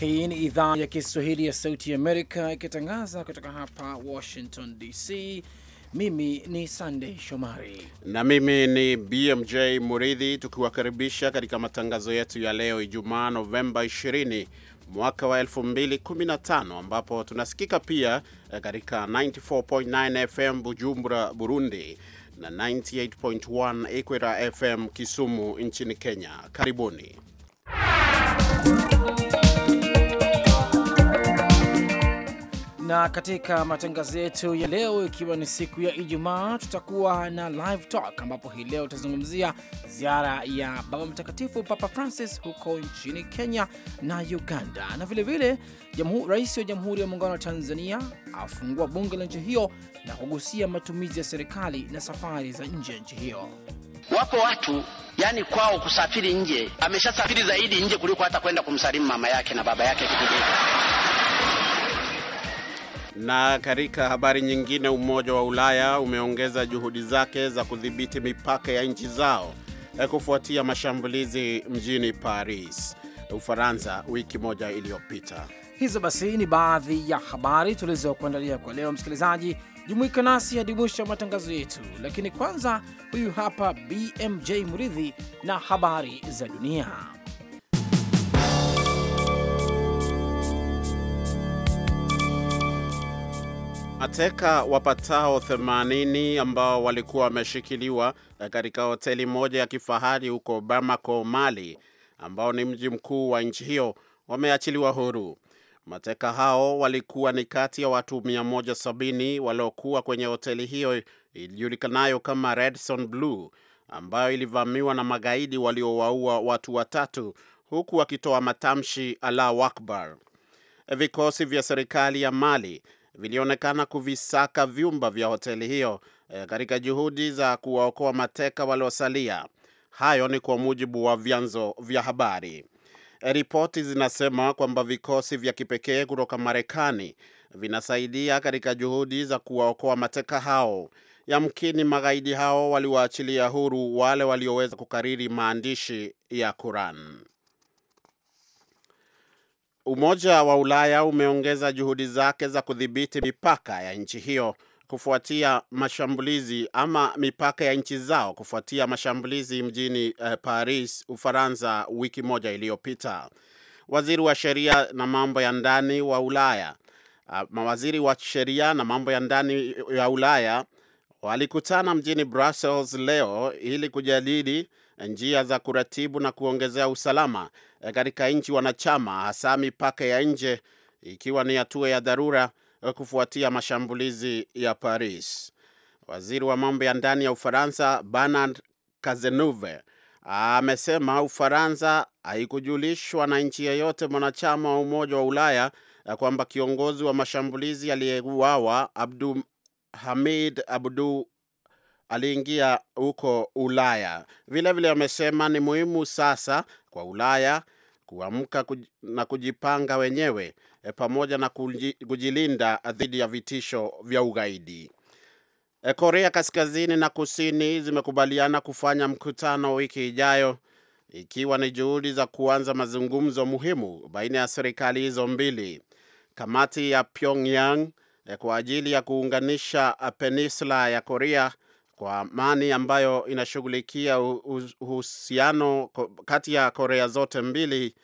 Hii ni idhaa ya Kiswahili ya Sauti ya Amerika ikitangaza kutoka hapa Washington DC. Mimi ni Sandey Shomari na mimi ni BMJ Muridhi, tukiwakaribisha katika matangazo yetu ya leo Ijumaa Novemba 20 mwaka wa 2015 ambapo tunasikika pia eh, katika 94.9 FM Bujumbura, Burundi na 98.1 Equira FM Kisumu nchini Kenya. Karibuni na katika matangazo yetu ya leo, ikiwa ni siku ya Ijumaa, tutakuwa na live talk, ambapo hii leo tutazungumzia ziara ya Baba Mtakatifu Papa Francis huko nchini Kenya na Uganda, na vilevile rais wa Jamhuri ya Muungano wa Tanzania afungua bunge la nchi hiyo na kugusia matumizi ya serikali na safari za nje ya nchi hiyo. Wapo watu yani kwao kusafiri nje, ameshasafiri zaidi nje kuliko hata kwenda kumsalimu mama yake na baba yake kitu na katika habari nyingine, Umoja wa Ulaya umeongeza juhudi zake za kudhibiti mipaka ya nchi zao eh, kufuatia mashambulizi mjini Paris, Ufaransa, wiki moja iliyopita. Hizo basi ni baadhi ya habari tulizokuandalia kwa leo. Msikilizaji, jumuika nasi hadi mwisho wa matangazo yetu, lakini kwanza, huyu hapa BMJ Muridhi na habari za dunia. Mateka wapatao 80 ambao walikuwa wameshikiliwa eh, katika hoteli moja ya kifahari huko Bamako, Mali, ambao ni mji mkuu wa nchi hiyo, wameachiliwa huru. Mateka hao walikuwa ni kati ya watu 170 waliokuwa kwenye hoteli hiyo ilijulikanayo kama Radisson Blue ambayo ilivamiwa na magaidi waliowaua watu watatu huku wakitoa matamshi Allahu Akbar. Vikosi vya serikali ya Mali vilionekana kuvisaka vyumba vya hoteli hiyo eh, katika juhudi za kuwaokoa mateka waliosalia. Hayo ni kwa mujibu wa vyanzo vya habari. E, ripoti zinasema kwamba vikosi vya kipekee kutoka Marekani vinasaidia katika juhudi za kuwaokoa mateka hao. Yamkini magaidi hao waliwaachilia huru wale walioweza kukariri maandishi ya Quran. Umoja wa Ulaya umeongeza juhudi zake za kudhibiti mipaka ya nchi hiyo kufuatia mashambulizi ama mipaka ya nchi zao kufuatia mashambulizi mjini eh, Paris, Ufaransa wiki moja iliyopita. Waziri wa sheria na mambo ya ndani wa Ulaya uh, mawaziri wa sheria na mambo ya ndani ya Ulaya walikutana mjini Brussels leo ili kujadili njia za kuratibu na kuongezea usalama e, katika nchi wanachama, hasa mipaka ya nje, ikiwa ni hatua ya dharura e, kufuatia mashambulizi ya Paris. Waziri wa mambo ya ndani ya Ufaransa Bernard Cazeneuve amesema Ufaransa haikujulishwa na nchi yeyote mwanachama wa Umoja wa Ulaya e, kwamba kiongozi wa mashambulizi aliyeuawa Abdu Hamid Abdu aliingia huko Ulaya. Vilevile amesema ni muhimu sasa kwa Ulaya kuamka na kujipanga wenyewe e, pamoja na kujilinda dhidi ya vitisho vya ugaidi. E, Korea Kaskazini na Kusini zimekubaliana kufanya mkutano wiki ijayo ikiwa ni juhudi za kuanza mazungumzo muhimu baina ya serikali hizo mbili. Kamati ya Pyongyang e, kwa ajili ya kuunganisha peninsula ya Korea kwa amani ambayo inashughulikia uhusiano kati ya Korea zote mbili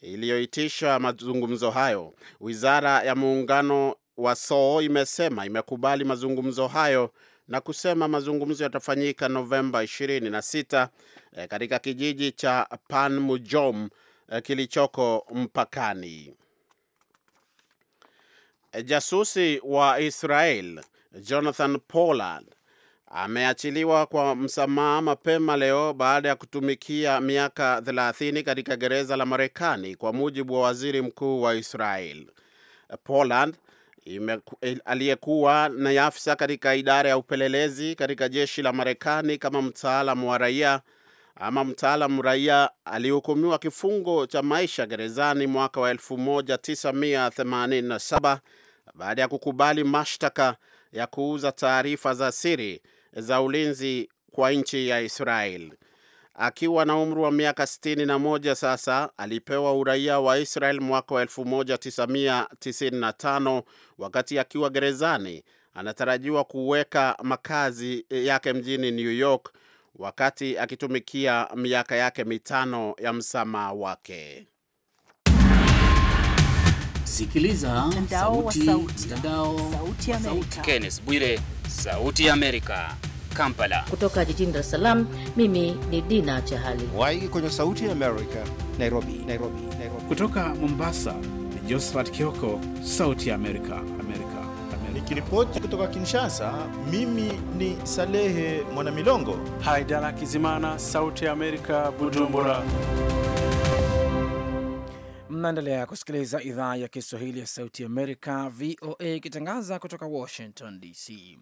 iliyoitisha mazungumzo hayo. Wizara ya muungano wa Seoul imesema imekubali mazungumzo hayo na kusema mazungumzo yatafanyika Novemba 26 eh, katika kijiji cha Panmunjom eh, kilichoko mpakani. Eh, jasusi wa Israel Jonathan Pollard ameachiliwa kwa msamaha mapema leo baada ya kutumikia miaka 30 katika gereza la Marekani, kwa mujibu wa waziri mkuu wa Israel. Poland eh, aliyekuwa na afisa katika idara ya upelelezi katika jeshi la Marekani kama mtaalamu wa raia ama mtaalamu raia alihukumiwa kifungo cha maisha gerezani mwaka wa 1987 baada ya kukubali mashtaka ya kuuza taarifa za siri za ulinzi kwa nchi ya Israel. Akiwa na umri wa miaka 61 sasa, alipewa uraia wa Israel mwaka wa 1995 wakati akiwa gerezani. Anatarajiwa kuweka makazi yake mjini New York wakati akitumikia miaka yake mitano ya msamaha wake. Sikiliza mtandao sauti, sauti. Mtandao sauti Amerika. Kenneth Bwire, Sauti ya Amerika, Kampala. Kutoka jijini Dar es Salaam, mimi ni Dina Chahali. Waiki kwenye Sauti ya Amerika, Nairobi, Nairobi, Nairobi. Kutoka Mombasa ni Josephat Kioko, Sauti ya Amerika, Amerika. Nikiripoti kutoka Kinshasa, mimi ni Salehe Mwanamilongo. Haidara Kizimana, Sauti ya Amerika, Bujumbura. Mnaendelea kusikiliza idhaa ya Kiswahili ya Sauti Amerika, VOA, ikitangaza kutoka Washington DC.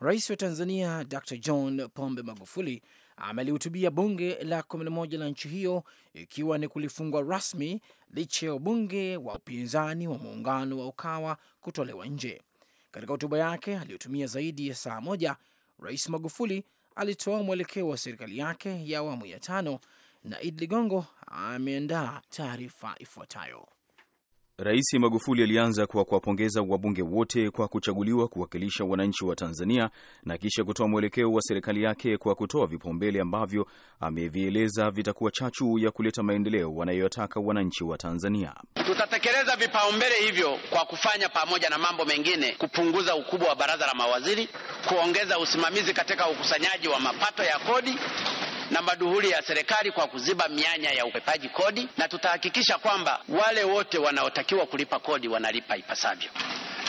Rais wa Tanzania Dr John Pombe Magufuli amelihutubia bunge la 11 la nchi hiyo ikiwa ni kulifungwa rasmi licha ya ubunge wa upinzani wa muungano wa Ukawa kutolewa nje. Katika hotuba yake aliyotumia zaidi ya saa moja, Rais Magufuli alitoa mwelekeo wa serikali yake ya awamu ya tano na id Ligongo ameandaa taarifa ifuatayo. Rais Magufuli alianza kwa kuwapongeza wabunge wote kwa kuchaguliwa kuwakilisha wananchi wa Tanzania na kisha kutoa mwelekeo wa serikali yake kwa kutoa vipaumbele ambavyo amevieleza vitakuwa chachu ya kuleta maendeleo wanayotaka wananchi wa Tanzania. Tutatekeleza vipaumbele hivyo kwa kufanya pamoja na mambo mengine, kupunguza ukubwa wa baraza la mawaziri, kuongeza usimamizi katika ukusanyaji wa mapato ya kodi na maduhuli ya serikali kwa kuziba mianya ya ukwepaji kodi, na tutahakikisha kwamba wale wote wanaotakiwa kulipa kodi wanalipa ipasavyo.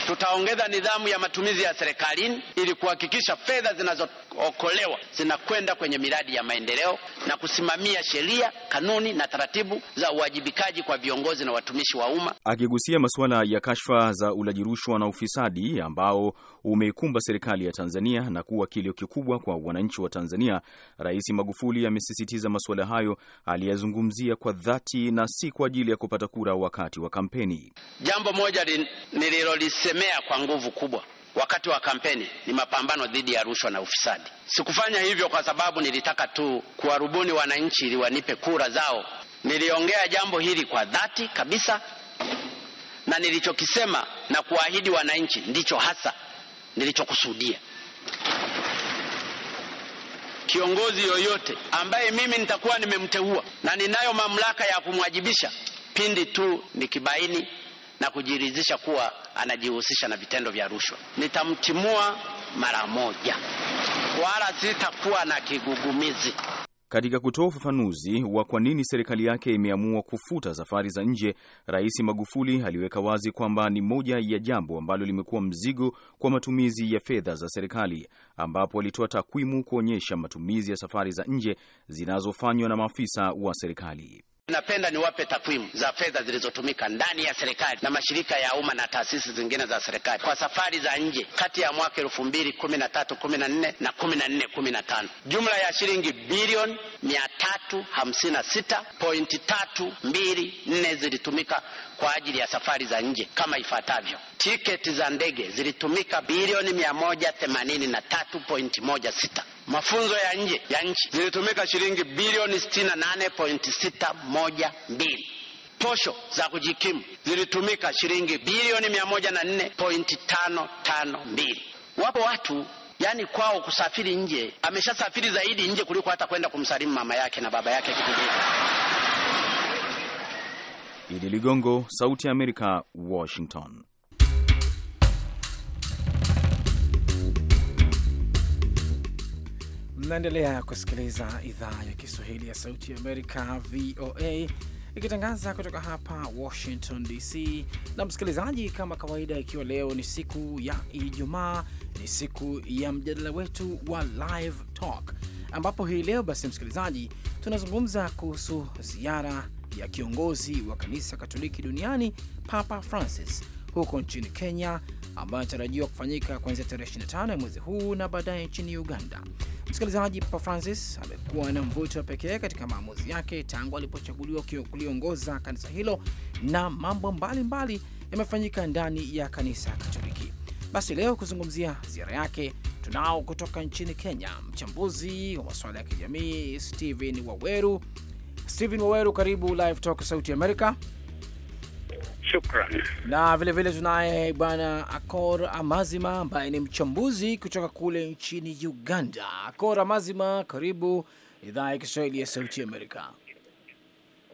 Tutaongeza nidhamu ya matumizi ya serikalini ili kuhakikisha fedha zinazookolewa zinakwenda kwenye miradi ya maendeleo na kusimamia sheria, kanuni na taratibu za uwajibikaji kwa viongozi na watumishi wa umma. Akigusia masuala ya kashfa za ulaji rushwa na ufisadi ambao umeikumba serikali ya Tanzania na kuwa kilio kikubwa kwa wananchi wa Tanzania. Rais Magufuli amesisitiza masuala hayo aliyazungumzia kwa dhati na si kwa ajili ya kupata kura wakati wa kampeni. Jambo moja nililolisemea kwa nguvu kubwa wakati wa kampeni ni mapambano dhidi ya rushwa na ufisadi. Sikufanya hivyo kwa sababu nilitaka tu kuwarubuni wananchi ili wanipe kura zao. Niliongea jambo hili kwa dhati kabisa, na nilichokisema na kuahidi wananchi ndicho hasa nilichokusudia. Kiongozi yoyote ambaye mimi nitakuwa nimemteua na ninayo mamlaka ya kumwajibisha pindi tu nikibaini na kujiridhisha kuwa anajihusisha na vitendo vya rushwa, nitamtimua mara moja, wala sitakuwa na kigugumizi. Katika kutoa ufafanuzi wa kwa nini serikali yake imeamua kufuta safari za nje, Rais Magufuli aliweka wazi kwamba ni moja ya jambo ambalo limekuwa mzigo kwa matumizi ya fedha za serikali, ambapo alitoa takwimu kuonyesha matumizi ya safari za nje zinazofanywa na maafisa wa serikali. Napenda niwape takwimu za fedha zilizotumika ndani ya serikali na mashirika ya umma na taasisi zingine za serikali kwa safari za nje kati ya mwaka elfu mbili kumi na tatu kumi na nne na kumi na nne kumi na tano jumla ya shilingi bilioni mia tatu hamsini na sita tatu mbili nne zilitumika kwa ajili ya safari za nje kama ifuatavyo: tiketi za ndege zilitumika bilioni mia moja themanini na tatu moja sita mafunzo ya nje ya nchi zilitumika shilingi bilioni 68.612. Posho za kujikimu zilitumika shilingi bilioni 104.552. Wapo watu yani kwao kusafiri nje, ameshasafiri zaidi nje kuliko hata kwenda kumsalimu mama yake na baba yake kijijini. Idi Ligongo, Sauti ya Amerika, Washington. Mnaendelea kusikiliza idhaa ya Kiswahili ya Sauti ya Amerika, VOA, ikitangaza kutoka hapa Washington DC. Na msikilizaji, kama kawaida, ikiwa leo ni siku ya Ijumaa, ni siku ya mjadala wetu wa Live Talk, ambapo hii leo basi, msikilizaji, tunazungumza kuhusu ziara ya kiongozi wa kanisa Katoliki duniani Papa Francis huko nchini Kenya ambayo inatarajiwa kufanyika kuanzia tarehe 25 ya mwezi huu na baadaye nchini Uganda. Msikilizaji, Papa Francis amekuwa na mvuto wa pekee katika maamuzi yake tangu alipochaguliwa kuliongoza kanisa hilo, na mambo mbalimbali yamefanyika ndani ya kanisa Katoliki. Basi leo kuzungumzia ziara yake tunao kutoka nchini Kenya mchambuzi wa masuala ya kijamii Stephen Waweru. Stephen Waweru, karibu Live Talk Sauti Amerika. Shukran. Na vilevile tunaye bwana Akor Amazima ambaye ni mchambuzi kutoka kule nchini Uganda. Akor Amazima, karibu idhaa ya Kiswahili ya Sauti Amerika.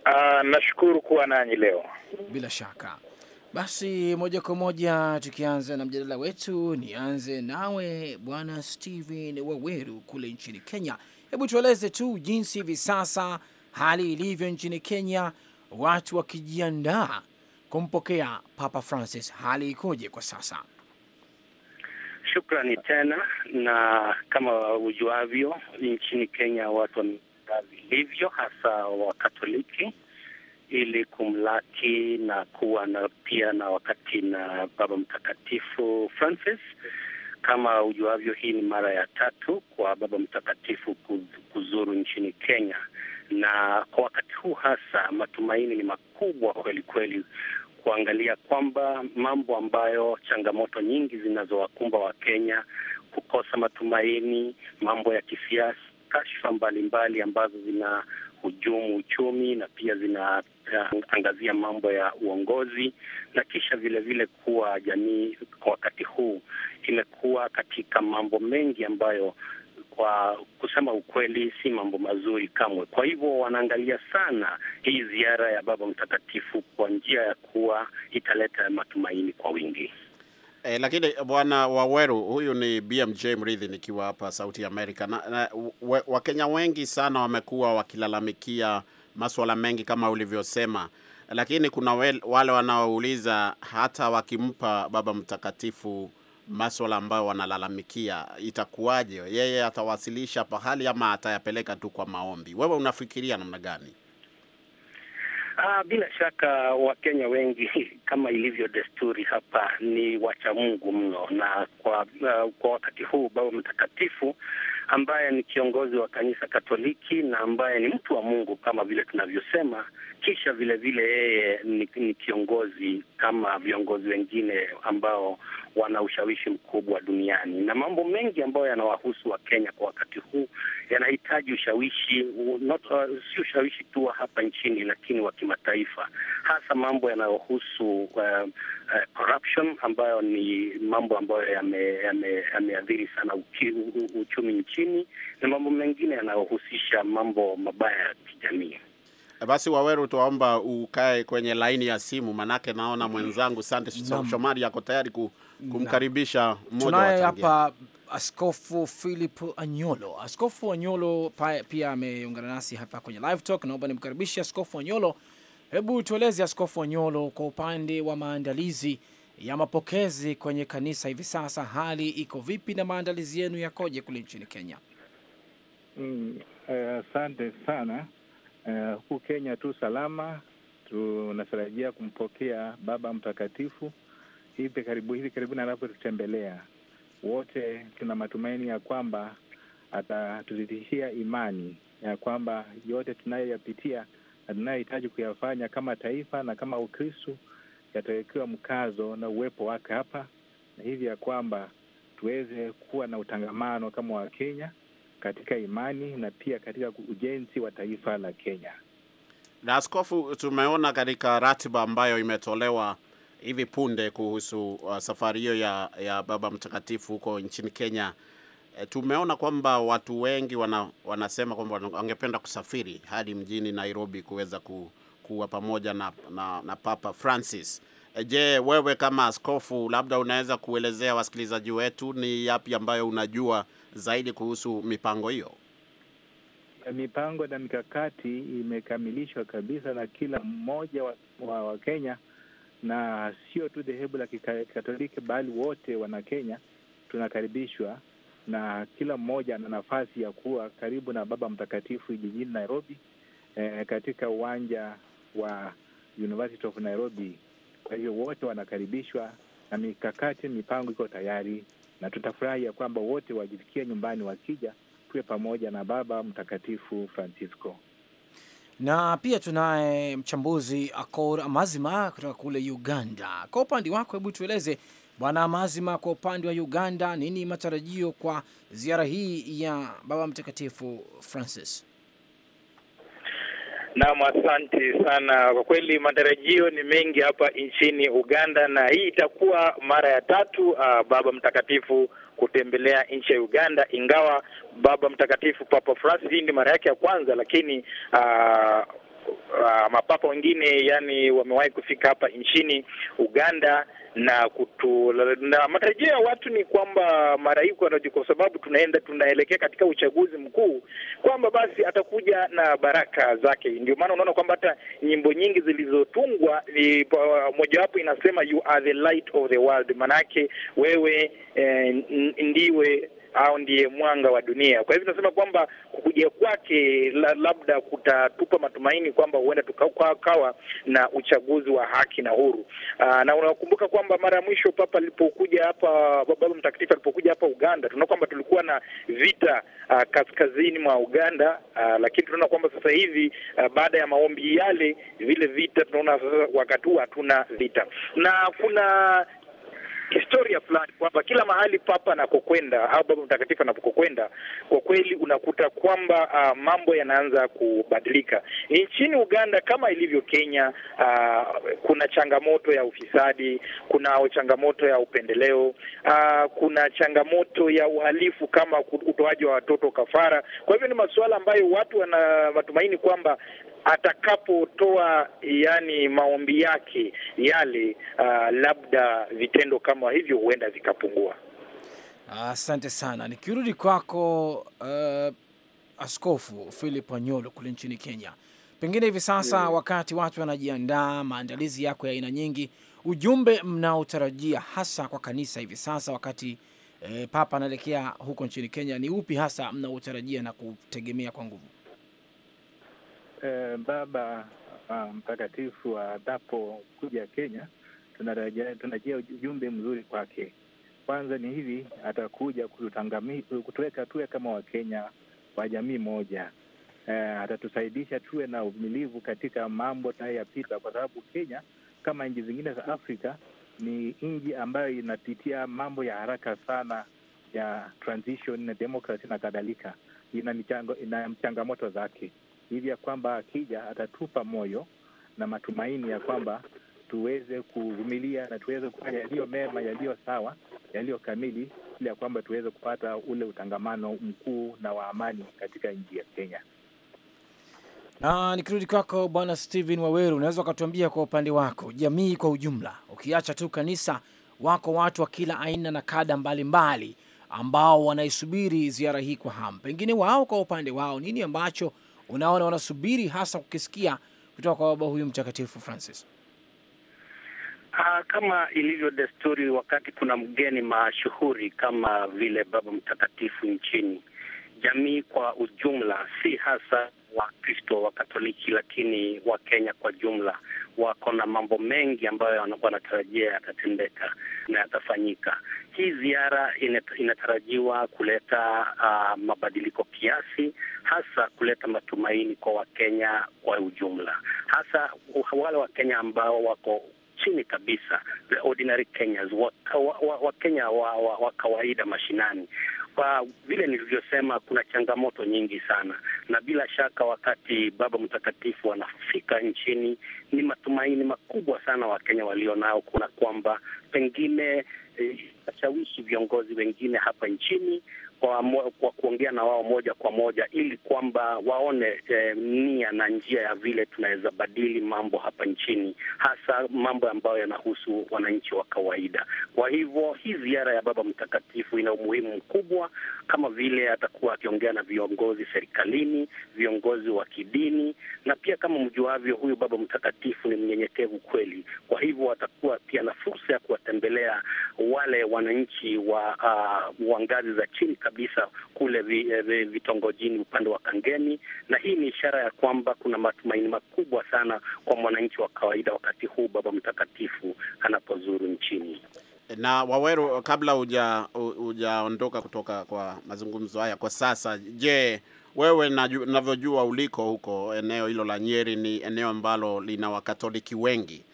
Uh, nashukuru kuwa nanyi leo. Bila shaka basi, moja kwa moja tukianza na mjadala wetu, nianze nawe bwana Steven Waweru kule nchini Kenya. Hebu tueleze tu jinsi hivi sasa hali ilivyo nchini Kenya, watu wakijiandaa kumpokea Papa Francis. Hali ikoje kwa sasa? Shukrani tena, na kama ujuavyo, nchini Kenya watu wamejiandaa vilivyo, hasa Wakatoliki ili kumlaki na kuwa na pia na wakati na Baba Mtakatifu Francis. Kama ujuavyo, hii ni mara ya tatu kwa Baba Mtakatifu kuzuru nchini Kenya na kwa wakati huu hasa matumaini ni makubwa kweli kweli kuangalia kwamba mambo ambayo changamoto nyingi zinazowakumba Wakenya, kukosa matumaini, mambo ya kisiasa, kashfa mbalimbali ambazo zina hujumu uchumi na pia zinaangazia eh, mambo ya uongozi, na kisha vilevile vile kuwa jamii kwa wakati huu imekuwa katika mambo mengi ambayo kwa kusema ukweli, si mambo mazuri kamwe. Kwa hivyo wanaangalia sana hii ziara ya Baba Mtakatifu kwa njia ya kuwa italeta matumaini kwa wingi. E, lakini Bwana Waweru, huyu ni BMJ Mridhi nikiwa hapa Sauti ya Amerika na, na Wakenya wengi sana wamekuwa wakilalamikia maswala mengi kama ulivyosema, lakini kuna wale wanaouliza hata wakimpa Baba Mtakatifu maswala ambayo wanalalamikia, itakuwaje? Yeye atawasilisha pahali ama atayapeleka tu kwa maombi? Wewe unafikiria namna gani? Aa, ah, bila shaka Wakenya wengi kama ilivyo desturi hapa ni wachamungu mno, na kwa uh, kwa wakati huu Baba Mtakatifu ambaye ni kiongozi wa kanisa Katoliki na ambaye ni mtu wa Mungu kama vile tunavyosema, kisha vilevile yeye ni, ni kiongozi kama viongozi wengine ambao wana ushawishi mkubwa duniani, na mambo mengi ambayo yanawahusu Wakenya kwa wakati huu yanahitaji ushawishi not, uh, si ushawishi tu wa hapa nchini, lakini wa kimataifa, hasa mambo yanayohusu uh, uh, corruption ambayo ni mambo ambayo yameathiri yame sana uchumi nchini na mambo mengine yanayohusisha mambo mabaya ya kijamii. Eh, basi Waweru, tuwaomba ukae kwenye laini ya simu, manake naona mwenzangu Sante Shomari yako tayari kumkaribisha mmoja. Tunaye hapa Askofu Philip Anyolo. Askofu Anyolo pia ameungana nasi hapa kwenye live talk. Naomba nimkaribishe Askofu Anyolo. Hebu tueleze Askofu Anyolo, kwa upande wa maandalizi ya mapokezi kwenye kanisa hivi sasa, hali iko vipi na maandalizi yenu yakoje kule nchini Kenya? Mm, eh, asante mm, uh, sana Eh, huku uh, Kenya tu salama. Tunatarajia kumpokea Baba Mtakatifu hivi karibu hivi karibuni anapotutembelea wote. Tuna matumaini ya kwamba atatuzidishia imani ya kwamba yote tunayoyapitia na tunayohitaji kuyafanya kama taifa na kama Ukristu yatawekewa mkazo na uwepo wake hapa, na hivi ya kwamba tuweze kuwa na utangamano kama Wakenya katika imani na pia katika ujenzi wa taifa la Kenya. Na askofu, tumeona katika ratiba ambayo imetolewa hivi punde kuhusu uh, safari hiyo ya, ya Baba Mtakatifu huko nchini Kenya. E, tumeona kwamba watu wengi wana, wanasema kwamba wangependa kusafiri hadi mjini Nairobi kuweza ku, kuwa pamoja na, na, na Papa Francis. E, je, wewe kama askofu labda unaweza kuelezea wasikilizaji wetu ni yapi ambayo unajua zaidi kuhusu mipango hiyo? Mipango na mikakati imekamilishwa kabisa na kila mmoja wa, Wakenya wa Kenya na sio tu dhehebu la Kikatoliki bali wote wana Kenya tunakaribishwa na kila mmoja ana nafasi ya kuwa karibu na Baba Mtakatifu jijini Nairobi, eh, katika uwanja wa University of Nairobi. Kwa hivyo wote wanakaribishwa na mikakati, mipango iko tayari na tutafurahi ya kwamba wote wajifikia nyumbani wakija, tuwe pamoja na Baba Mtakatifu Francisco. Na pia tunaye mchambuzi Akor Amazima kutoka kule Uganda. Kwa upande wako, hebu tueleze Bwana Amazima, kwa upande wa Uganda, nini matarajio kwa ziara hii ya Baba Mtakatifu Francis? Naam, asante sana. Kwa kweli matarajio ni mengi hapa nchini Uganda, na hii itakuwa mara ya tatu uh, Baba Mtakatifu kutembelea nchi ya Uganda, ingawa Baba Mtakatifu Papa Francis hii ni mara yake ya kwanza, lakini uh, uh, mapapa wengine yani wamewahi kufika hapa nchini Uganda na kutu, na matarajio ya watu ni kwamba mara hii kwa sababu tunaenda tunaelekea katika uchaguzi mkuu, kwamba basi atakuja na baraka zake. Ndio maana unaona kwamba hata nyimbo nyingi zilizotungwa mojawapo inasema you are the light of the world, maanake wewe eh, ndiwe au ndiye mwanga wa dunia. Kwa hivyo tunasema kwamba kukuja kwake la, labda kutatupa matumaini kwamba huenda tukakawa na uchaguzi wa haki na huru. Aa, ah, na unakumbuka kwamba mara ya mwisho Papa alipokuja hapa, Baba Mtakatifu alipokuja hapa Uganda, tunaona kwamba tulikuwa na vita aa, ah, kaskazini mwa Uganda aa, ah, lakini tunaona kwamba sasa hivi aa, baada ya maombi yale vile vita tunaona sasa wakati huu hatuna vita na kuna historia fulani kwamba kila mahali papa anakokwenda au baba mtakatifu anapokokwenda, kwa kweli unakuta kwamba uh, mambo yanaanza kubadilika nchini Uganda kama ilivyo Kenya. Uh, kuna changamoto ya ufisadi, kuna changamoto ya upendeleo, uh, kuna changamoto ya uhalifu kama utoaji wa watoto kafara. Kwa hivyo ni masuala ambayo watu wana matumaini kwamba atakapotoa yani maombi yake yale, uh, labda vitendo kama hivyo huenda vikapungua. Asante sana. Nikirudi kwako, uh, Askofu Philip Anyolo kule nchini Kenya, pengine hivi sasa mm, wakati watu wanajiandaa, maandalizi yako ya aina nyingi, ujumbe mnaotarajia hasa kwa kanisa hivi sasa wakati eh, Papa anaelekea huko nchini Kenya ni upi hasa mnaotarajia na kutegemea kwa nguvu? eh, Baba ah, Mtakatifu adapo kuja Kenya, tunajia ujumbe mzuri kwake. Kwanza ni hivi, atakuja kutuweka tuwe kama Wakenya wa jamii moja. Uh, atatusaidisha tuwe na uvumilivu katika mambo tunayoyapita, kwa sababu Kenya kama nchi zingine za Afrika ni nchi ambayo inapitia mambo ya haraka sana ya transition na demokrasi na kadhalika, ina changamoto zake hivi ya kwamba akija atatupa moyo na matumaini ya kwamba tuweze kuvumilia na tuweze kufanya yaliyo mema, yaliyo sawa, yaliyo kamili, ili ya kwamba tuweze kupata ule utangamano mkuu na wa amani katika nchi ya Kenya. Na nikirudi kwako Bwana Steven Waweru, unaweza ukatuambia kwa upande wako, jamii kwa ujumla, ukiacha tu kanisa, wako watu wa kila aina na kada mbalimbali ambao wanaisubiri ziara hii kwa hamu, pengine wao kwa upande wao, nini ambacho unaona wanasubiri hasa kukisikia kutoka kwa baba huyu mtakatifu Francis? Aa, ah, kama ilivyo desturi, wakati kuna mgeni mashuhuri kama vile baba mtakatifu nchini, jamii kwa ujumla, si hasa Wakristo wa Katoliki, lakini wakenya kwa jumla wako na mambo mengi ambayo wanatarajia yatatendeka na yatafanyika hii ziara inatarajiwa kuleta uh, mabadiliko kiasi, hasa kuleta matumaini kwa Wakenya kwa ujumla, hasa wale Wakenya ambao wako chini kabisa, the ordinary Kenyans, Wakenya wa, wa, wa, wa kawaida mashinani. Kwa vile nilivyosema, kuna changamoto nyingi sana na bila shaka wakati Baba Mtakatifu anafika nchini, ni matumaini makubwa sana Wakenya walio nao, kuna kwamba pengine washawishi eh, viongozi wengine hapa nchini kwa, kwa kuongea na wao moja kwa moja ili kwamba waone eh, nia na njia ya vile tunaweza badili mambo hapa nchini, hasa mambo ambayo yanahusu wananchi wa kawaida. Kwa hivyo hii ziara ya Baba Mtakatifu ina umuhimu mkubwa, kama vile atakuwa akiongea na viongozi serikalini, viongozi wa kidini, na pia kama mjuavyo, huyu Baba Mtakatifu ni mnyenyekevu kweli. Kwa hivyo atakuwa pia na fursa ya kuwatembelea wale wananchi wa, uh, wa ngazi za chini kabisa kabisa kule eh, vitongojini upande wa kangeni na hii ni ishara ya kwamba kuna matumaini makubwa sana kwa mwananchi wa kawaida wakati huu Baba Mtakatifu anapozuru nchini. Na Waweru, kabla hujaondoka kutoka kwa mazungumzo haya kwa sasa, je, wewe navyojua uliko huko eneo hilo la Nyeri, ni eneo ambalo lina Wakatoliki wengi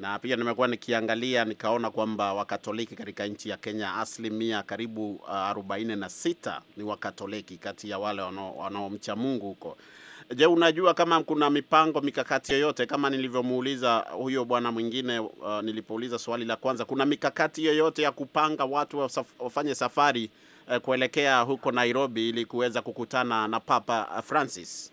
na pia nimekuwa nikiangalia nikaona kwamba Wakatoliki katika nchi ya Kenya asilimia karibu uh, 46 ni Wakatoliki kati ya wale wanaomcha Mungu huko. Je, unajua kama kuna mipango mikakati yoyote kama nilivyomuuliza huyo bwana mwingine uh, nilipouliza swali la kwanza, kuna mikakati yoyote ya kupanga watu wafanye safari uh, kuelekea huko Nairobi ili kuweza kukutana na Papa Francis?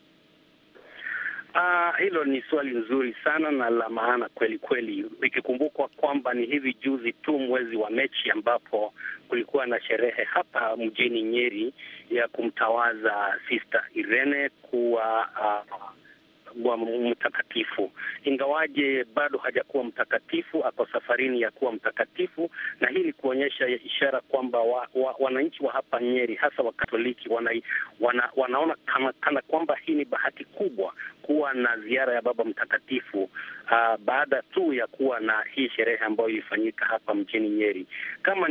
Ah, hilo ni swali nzuri sana na la maana kweli kweli, ikikumbukwa kwamba ni hivi juzi tu mwezi wa Mechi ambapo kulikuwa na sherehe hapa mjini Nyeri ya kumtawaza Sister Irene kuwa uh, wa mtakatifu, ingawaje bado hajakuwa mtakatifu, ako safarini ya kuwa mtakatifu, na hii ni kuonyesha ishara kwamba wananchi wa, wananchi wa hapa Nyeri hasa Wakatoliki wana, wana, wanaona kana, kana kwamba hii ni bahati kubwa kuwa na ziara ya Baba Mtakatifu uh, baada tu ya kuwa na hii sherehe ambayo ilifanyika hapa mjini Nyeri. Kama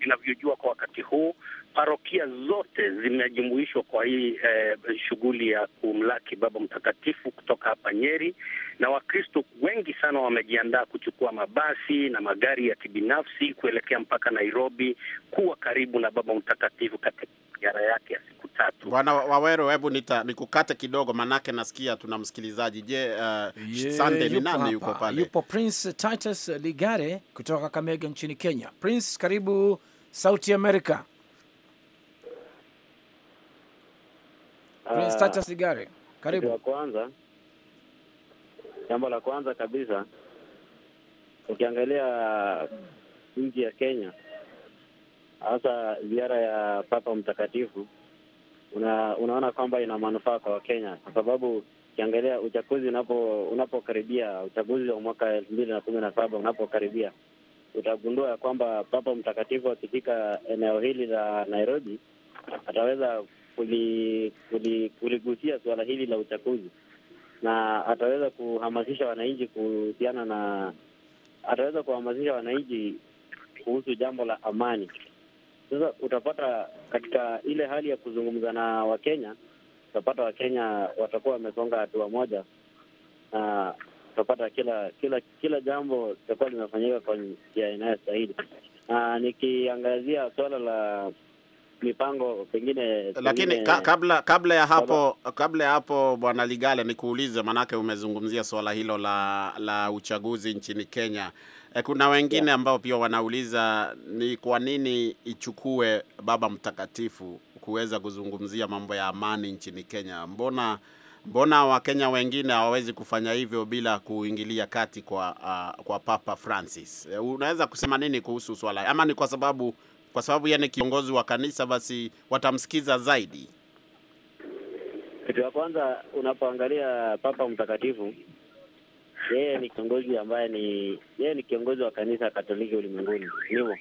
ninavyojua kwa wakati huu parokia zote zimejumuishwa kwa hii eh, shughuli ya kumlaki Baba Mtakatifu kutoka hapa Nyeri, na Wakristo wengi sana wamejiandaa kuchukua mabasi na magari ya kibinafsi kuelekea mpaka Nairobi kuwa karibu na Baba Mtakatifu katika ziara yake ya siku tatu. Bwana Wawero, hebu nita nikukate kidogo, manake nasikia tuna msikilizaji. Je, uh, eh, yeah, Sunday ni nani yuko pale? Yupo Prince Titus Ligare kutoka Kamega nchini Kenya. Prince, karibu Sauti Amerika. Prince Titus Ligare, karibu. Wa kwanza, jambo la kwanza kabisa ukiangalia nchi ya Kenya, hasa ziara ya Papa Mtakatifu, una, unaona kwamba ina manufaa kwa Wakenya kwa sababu ukiangalia uchaguzi unapo unapokaribia uchaguzi wa mwaka elfu mbili na kumi na saba unapokaribia utagundua ya kwamba Papa Mtakatifu akifika eneo hili la Nairobi ataweza kuligusia suala hili la uchaguzi na ataweza kuhamasisha wananchi kuhusiana na ataweza kuhamasisha wananchi kuhusu jambo la amani. Sasa utapata katika ile hali ya kuzungumza na Wakenya, utapata Wakenya watakuwa wamesonga hatua moja, na utapata kila kila kila jambo litakuwa linafanyika kwa njia inayostahili. Nikiangazia suala la mipango pengine, lakini pengine... Ka, kabla kabla ya hapo kabla ya hapo Bwana Ligale, nikuulize manake umezungumzia swala hilo la la uchaguzi nchini Kenya. E, kuna wengine ambao pia wanauliza ni kwa nini ichukue Baba Mtakatifu kuweza kuzungumzia mambo ya amani nchini Kenya? Mbona mbona Wakenya wengine hawawezi kufanya hivyo bila kuingilia kati kwa uh, kwa Papa Francis? E, unaweza kusema nini kuhusu swala ama ni kwa sababu kwa sababu yeye ni kiongozi wa kanisa, basi watamsikiza zaidi. Kitu ya kwanza unapoangalia Papa Mtakatifu, yeye ni kiongozi ambaye ni yeye ni kiongozi wa kanisa Katoliki ulimwenguni nimo.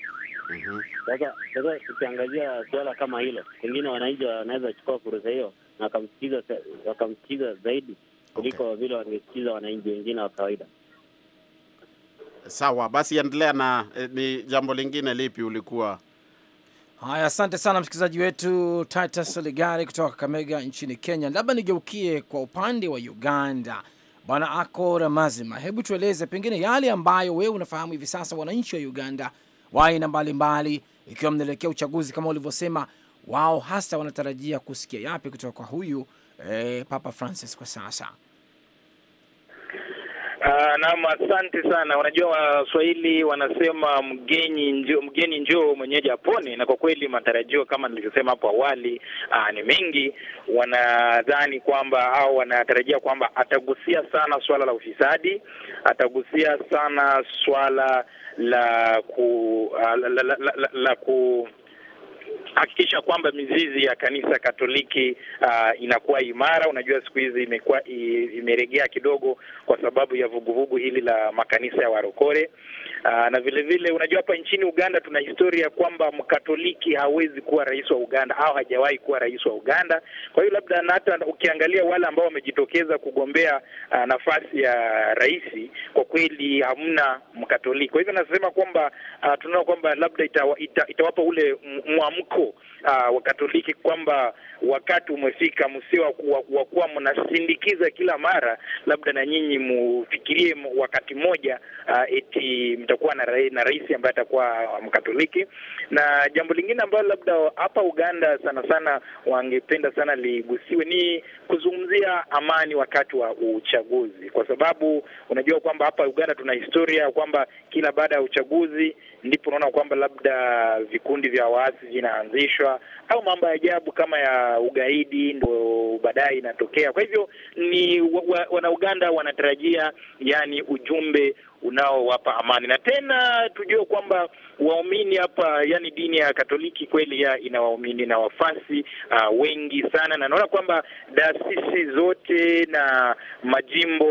Mhm. Sasa sasa tukiangazia suala kama hilo, pengine wananchi wanaweza chukua fursa hiyo na wakamsikiza wakamsikiza zaidi kuliko okay, vile wangesikiza wananchi wengine wa kawaida. Sawa, basi endelea na eh, ni jambo lingine lipi ulikuwa Haya, asante sana msikilizaji wetu Titus Ligari kutoka Kakamega nchini Kenya. Labda nigeukie kwa upande wa Uganda, Bwana Akora Ramazima, hebu tueleze pengine yale ambayo wewe unafahamu hivi sasa, wananchi wa Uganda wa aina mbalimbali, ikiwa mnaelekea uchaguzi kama ulivyosema, wao hasa wanatarajia kusikia yapi kutoka kwa huyu eh, Papa Francis kwa sasa? Uh, naam, asante sana. Unajua Waswahili wanasema mgeni njoo, mgeni njoo mwenyeji apone, na kwa kweli matarajio kama nilivyosema hapo awali aa, ah, ni mengi. Wanadhani kwamba au wanatarajia kwamba atagusia sana swala la ufisadi, atagusia sana swala la ku, la, ah, la, la, la, la, la, la ku hakikisha kwamba mizizi ya kanisa Katoliki uh, inakuwa imara. Unajua siku hizi imekuwa imeregea kidogo kwa sababu ya vuguvugu hili la makanisa ya warokore, Aa, ah, na vile vile unajua hapa nchini Uganda tuna historia kwamba Mkatoliki hawezi kuwa rais wa Uganda au hajawahi kuwa rais wa Uganda. Kwa hiyo labda na hata ukiangalia wale ambao wamejitokeza kugombea ah, nafasi ya rais, kwa kweli hamna Mkatoliki. Kwa hivyo nasema kwamba ah, tunaona kwamba labda itawa, ita, itawapa ule mwamko wa Katoliki kwamba wakati umefika msiwa wa kuwa mnasindikiza kila mara, labda na nyinyi mufikirie wakati mmoja eti tutakuwa na, rais, na rais ambaye atakuwa Mkatoliki. Na jambo lingine ambalo labda hapa Uganda sana sana wangependa sana ligusiwe ni kuzungumzia amani wakati wa uchaguzi, kwa sababu unajua kwamba hapa Uganda tuna historia kwamba kila baada ya uchaguzi ndipo unaona kwamba labda vikundi vya waasi vinaanzishwa au mambo ya ajabu kama ya ugaidi ndo baadaye inatokea. Kwa hivyo ni wa, wa, wana Uganda wanatarajia yani ujumbe unaowapa amani. Na tena tujue kwamba waumini hapa, yani dini ya Katoliki kweli ya ina waumini na wafasi uh, wengi sana, na naona kwamba taasisi zote na majimbo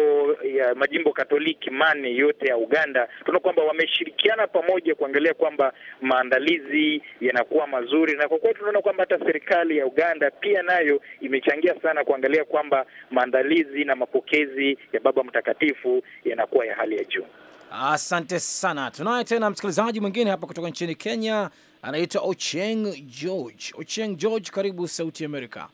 ya majimbo Katoliki mane yote ya Uganda tunaona kwamba wameshirikiana pamoja kuangalia kwamba maandalizi yanakuwa mazuri, na kwa kweli tunaona kwamba hata serikali ya Uganda pia nayo imechangia sana kuangalia kwamba maandalizi na mapokezi ya Baba Mtakatifu yanakuwa ya hali ya juu. Asante sana. Tunaye tena msikilizaji mwingine hapa kutoka nchini Kenya, anaitwa Ocheng George. Ocheng George, karibu Sauti Amerika.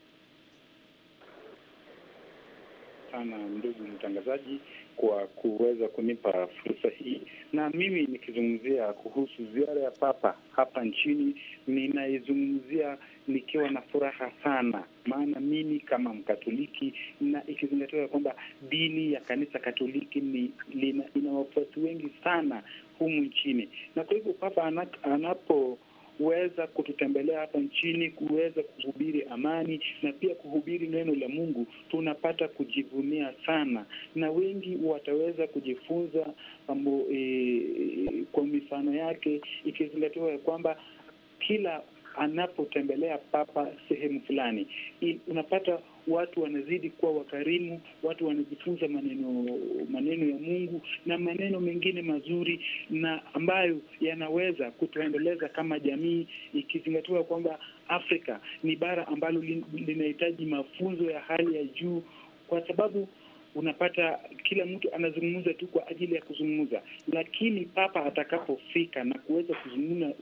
Sana ndugu mtangazaji kwa kuweza kunipa fursa hii, na mimi nikizungumzia kuhusu ziara ya Papa hapa nchini, ninaizungumzia nikiwa na furaha sana, maana mimi kama Mkatoliki, na ikizingatiwa kwamba dini ya kanisa Katoliki ni ina wafuasi wengi sana humu nchini, na kwa hivyo Papa anapo kuweza kututembelea hapa nchini, kuweza kuhubiri amani na pia kuhubiri neno la Mungu, tunapata kujivunia sana, na wengi wataweza kujifunza ambo, e, kwa mifano yake, ikizingatiwa ya kwamba kila anapotembelea papa sehemu fulani, unapata watu wanazidi kuwa wakarimu, watu wanajifunza maneno maneno ya Mungu na maneno mengine mazuri na ambayo yanaweza kutuendeleza kama jamii, ikizingatiwa kwamba Afrika ni bara ambalo linahitaji mafunzo ya hali ya juu kwa sababu unapata kila mtu anazungumza tu kwa ajili ya kuzungumza, lakini papa atakapofika na kuweza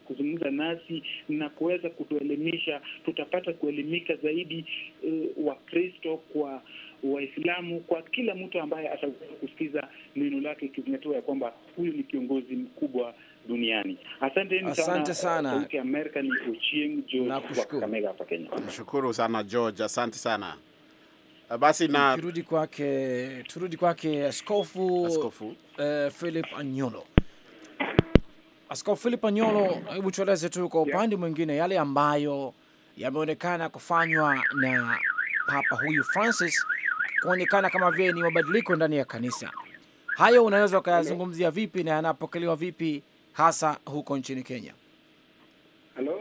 kuzungumza nasi na kuweza kutuelimisha, tutapata kuelimika zaidi uh, eh, Wakristo kwa Waislamu, kwa kila mtu ambaye ataweza kusikiza neno lake, ikizingatiwa ya kwamba huyu ni kiongozi mkubwa duniani. Asanteni asante sana. Sauti Amerika ni Ochieng George wa Kakamega hapa Kenya. Nashukuru sana George, asante sana. Eh, basi na turudi kwake, turudi kwake Askofu, Askofu. Uh, Philip Anyolo. Askofu Philip Anyolo, hebu tueleze tu kwa upande mwingine yale ambayo yameonekana kufanywa na Papa huyu Francis kuonekana kama vile ni mabadiliko ndani ya kanisa. Hayo unaweza ukayazungumzia vipi na yanapokelewa vipi hasa huko nchini Kenya? Hello?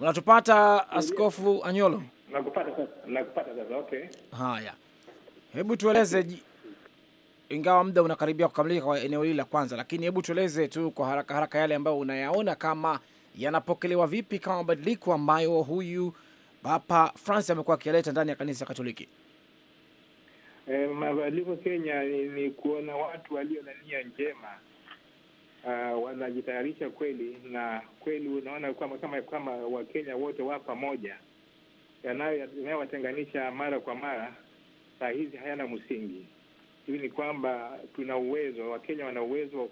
Unatupata Askofu Anyolo? Nakupata sasa, nakupata sasa. Okay, haya, hebu tueleze, ingawa muda unakaribia kukamilika kwa eneo hili la kwanza, lakini hebu tueleze tu kwa haraka haraka yale ambayo unayaona kama yanapokelewa vipi kama mabadiliko ambayo huyu Papa Francis amekuwa akileta ndani ya kanisa Katoliki. E, mabadiliko Kenya ni, ni kuona watu walio na nia njema uh, wanajitayarisha kweli na kweli, unaona kama kama, kama Wakenya wote wa pamoja yanayowatenganisha mara kwa mara saa hizi hayana msingi. Hii ni kwamba tuna uwezo, Wakenya wana uwezo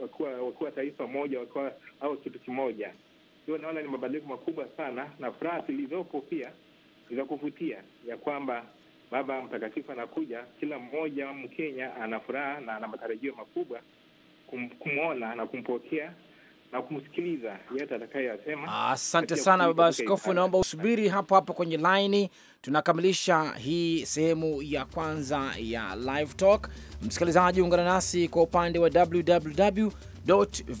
wa kuwa taifa moja wakuwa, au kitu kimoja. Hiyo naona ni mabadiliko makubwa sana, na furaha zilizopo pia ni za kuvutia, ya kwamba Baba Mtakatifu anakuja, kila mmoja Mkenya ana furaha na ana matarajio makubwa kumwona na kumpokea na kumsikiliza yeyote atakayeyasema. Ah, asante sana baba askofu, naomba usubiri hapo hapo kwenye laini. Tunakamilisha hii sehemu ya kwanza ya live talk. Msikilizaji, ungana nasi kwa upande wa www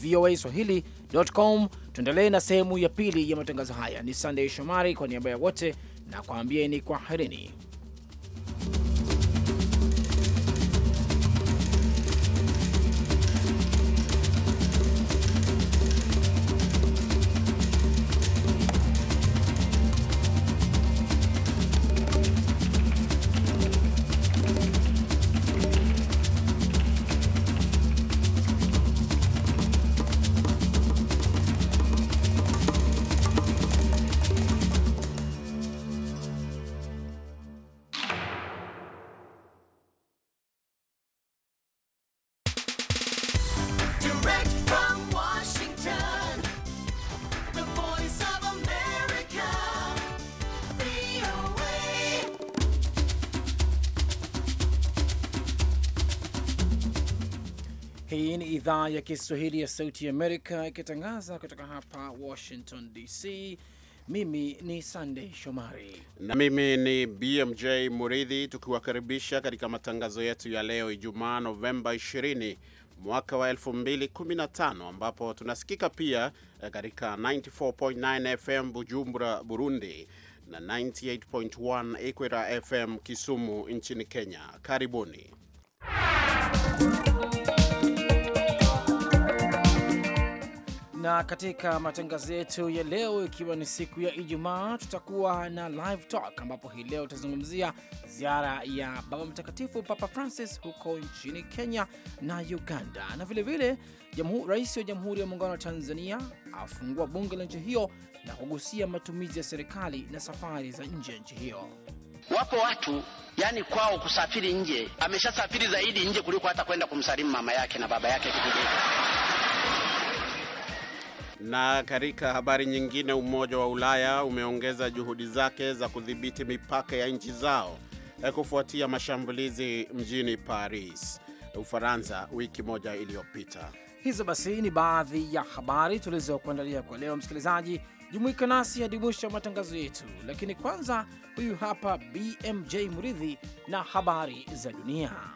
voa swahili.com. Tuendelee na sehemu ya pili ya matangazo haya. Ni Sandey Shomari kwa niaba ya wote na kuambieni kwaherini. idhaa ya Kiswahili ya Sauti ya Amerika ikitangaza kutoka hapa Washington DC. Mimi ni Sandey Shomari na mimi ni BMJ Muridhi, tukiwakaribisha katika matangazo yetu ya leo Ijumaa Novemba 20 mwaka wa 2015 ambapo tunasikika pia eh, katika 94.9 FM Bujumbura, Burundi na 98.1 Equator FM Kisumu nchini Kenya. Karibuni na katika matangazo yetu ya leo, ikiwa ni siku ya Ijumaa, tutakuwa na live talk, ambapo hii leo tutazungumzia ziara ya Baba Mtakatifu Papa Francis huko nchini Kenya na Uganda, na vilevile rais wa Jamhuri ya Muungano wa Tanzania afungua bunge la nchi hiyo na kugusia matumizi ya serikali na safari za nje ya nchi hiyo. Wapo watu yani kwao kusafiri nje, ameshasafiri zaidi nje kuliko hata kwenda kumsalimu mama yake na baba yake kijijini. Na katika habari nyingine, Umoja wa Ulaya umeongeza juhudi zake za kudhibiti mipaka ya nchi zao eh, kufuatia mashambulizi mjini Paris, Ufaransa, wiki moja iliyopita. Hizo basi ni baadhi ya habari tulizokuandalia kwa leo. Msikilizaji, jumuika nasi hadi mwisho wa matangazo yetu, lakini kwanza, huyu hapa BMJ Muridhi na habari za dunia.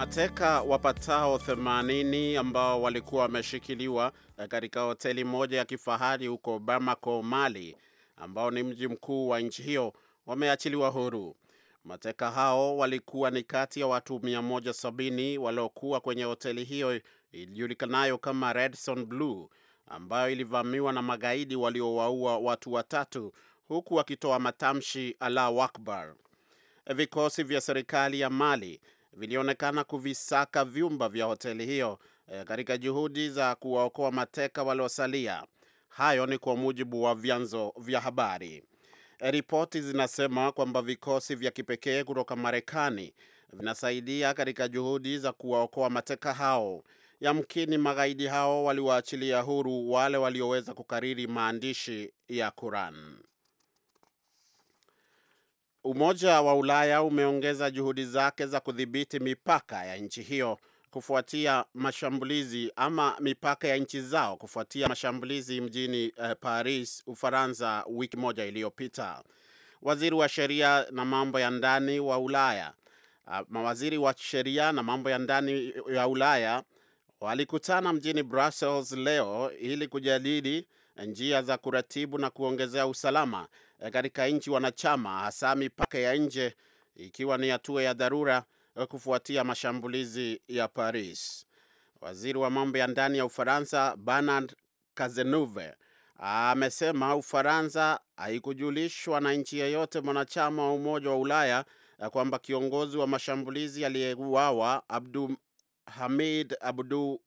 Mateka wapatao 80 ambao walikuwa wameshikiliwa eh, katika hoteli moja ya kifahari huko Bamako, Mali, ambao ni mji mkuu wa nchi hiyo, wameachiliwa huru. Mateka hao walikuwa ni kati ya watu 170 waliokuwa kwenye hoteli hiyo ilijulikanayo kama Radisson Blue ambayo ilivamiwa na magaidi waliowaua watu watatu huku wakitoa matamshi Allahu Akbar. Vikosi vya serikali ya Mali vilionekana kuvisaka vyumba vya hoteli hiyo eh, katika juhudi za kuwaokoa mateka waliosalia. Hayo ni kwa mujibu wa vyanzo vya habari. E, ripoti zinasema kwamba vikosi vya kipekee kutoka Marekani vinasaidia katika juhudi za kuwaokoa mateka hao. Yamkini magaidi hao waliwaachilia huru wale walioweza kukariri maandishi ya Quran. Umoja wa Ulaya umeongeza juhudi zake za kudhibiti mipaka ya nchi hiyo kufuatia mashambulizi ama mipaka ya nchi zao kufuatia mashambulizi mjini uh, Paris, Ufaransa wiki moja iliyopita. Waziri wa sheria na mambo ya ndani wa Ulaya uh, mawaziri wa sheria na mambo ya ndani ya Ulaya walikutana mjini Brussels leo ili kujadili njia za kuratibu na kuongezea usalama e, katika nchi wanachama, hasa mipaka ya nje, ikiwa ni hatua ya dharura e, kufuatia mashambulizi ya Paris. Waziri wa mambo ya ndani ya Ufaransa Bernard Cazeneuve amesema Ufaransa haikujulishwa na nchi yeyote mwanachama wa Umoja wa Ulaya e, kwamba kiongozi wa mashambulizi aliyeuawa Abdu Hamid Abdu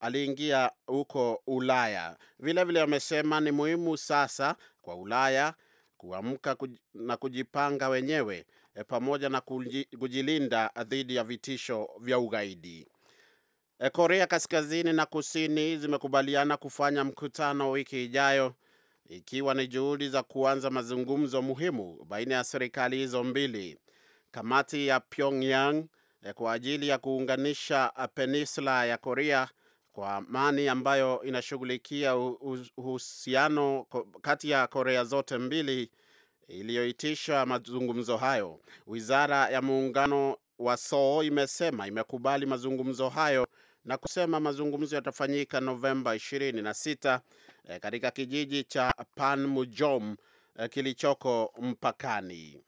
aliingia huko Ulaya. Vilevile wamesema ni muhimu sasa kwa Ulaya kuamka na kujipanga wenyewe eh, pamoja na kujilinda dhidi ya vitisho vya ugaidi. Eh, Korea Kaskazini na Kusini zimekubaliana kufanya mkutano wiki ijayo ikiwa ni juhudi za kuanza mazungumzo muhimu baina ya serikali hizo mbili. Kamati ya Pyongyang eh, kwa ajili ya kuunganisha peninsula ya Korea kwa amani ambayo inashughulikia uhusiano kati ya Korea zote mbili iliyoitisha mazungumzo hayo. Wizara ya muungano wa Seoul imesema imekubali mazungumzo hayo na kusema mazungumzo yatafanyika Novemba 26 e, eh, katika kijiji cha Panmunjom e, kilichoko mpakani.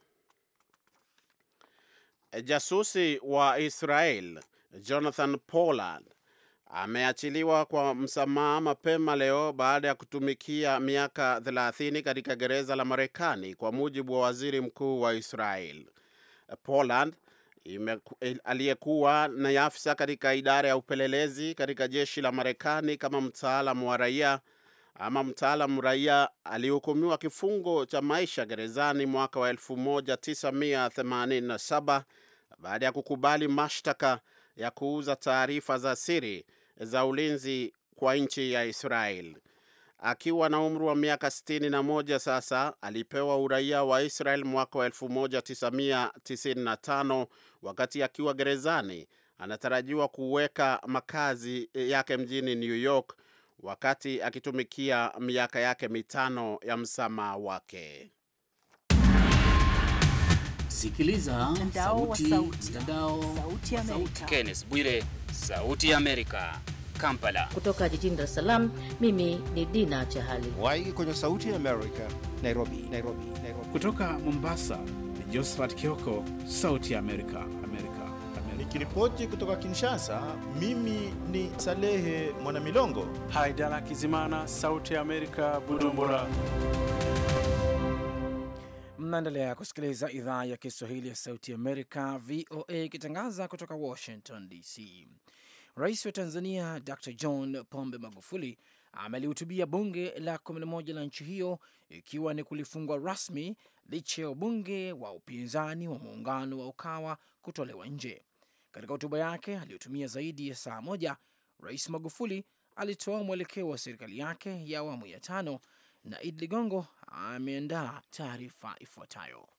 Eh, jasusi wa Israel Jonathan Pollard ameachiliwa kwa msamaha mapema leo baada ya kutumikia miaka 30 katika gereza la Marekani, kwa mujibu wa waziri mkuu wa Israel. Poland eh, aliyekuwa na afisa katika idara ya upelelezi katika jeshi la Marekani kama mtaalamu wa raia ama mtaalamu raia alihukumiwa kifungo cha maisha gerezani mwaka wa 1987 baada ya kukubali mashtaka ya kuuza taarifa za siri za ulinzi kwa nchi ya Israel. Akiwa na umri wa miaka 61 sasa, alipewa uraia wa Israel mwaka wa 1995 wakati akiwa gerezani. Anatarajiwa kuweka makazi yake mjini New York wakati akitumikia miaka yake mitano ya msamaha wake. Sikiliza mtandao sauti, sauti, sauti, sauti, sauti. Kenneth Bwire Sauti ya Amerika, Kampala. Kutoka jijini Dar es Salaam, mimi ni Dina Chahali Waigi kwenye Sauti ya Amerika, Nairobi, Nairobi, Nairobi. Kutoka Mombasa ni Josephat Kioko, Sauti ya Amerika. Nikiripoti kutoka Kinshasa, mimi ni Salehe Mwanamilongo. Haidara Kizimana, Sauti ya Amerika, Bujumbura. Mnaendelea kusikiliza idhaa ya Kiswahili ya Sauti Amerika, VOA, ikitangaza kutoka Washington DC. Rais wa Tanzania Dr John Pombe Magufuli amelihutubia bunge la 11 la nchi hiyo ikiwa ni kulifungwa rasmi licha ya ubunge wa upinzani wa muungano wa Ukawa kutolewa nje. Katika hotuba yake aliyotumia zaidi ya saa moja, Rais Magufuli alitoa mwelekeo wa serikali yake ya awamu ya tano, na Idi Ligongo ameandaa taarifa ifuatayo.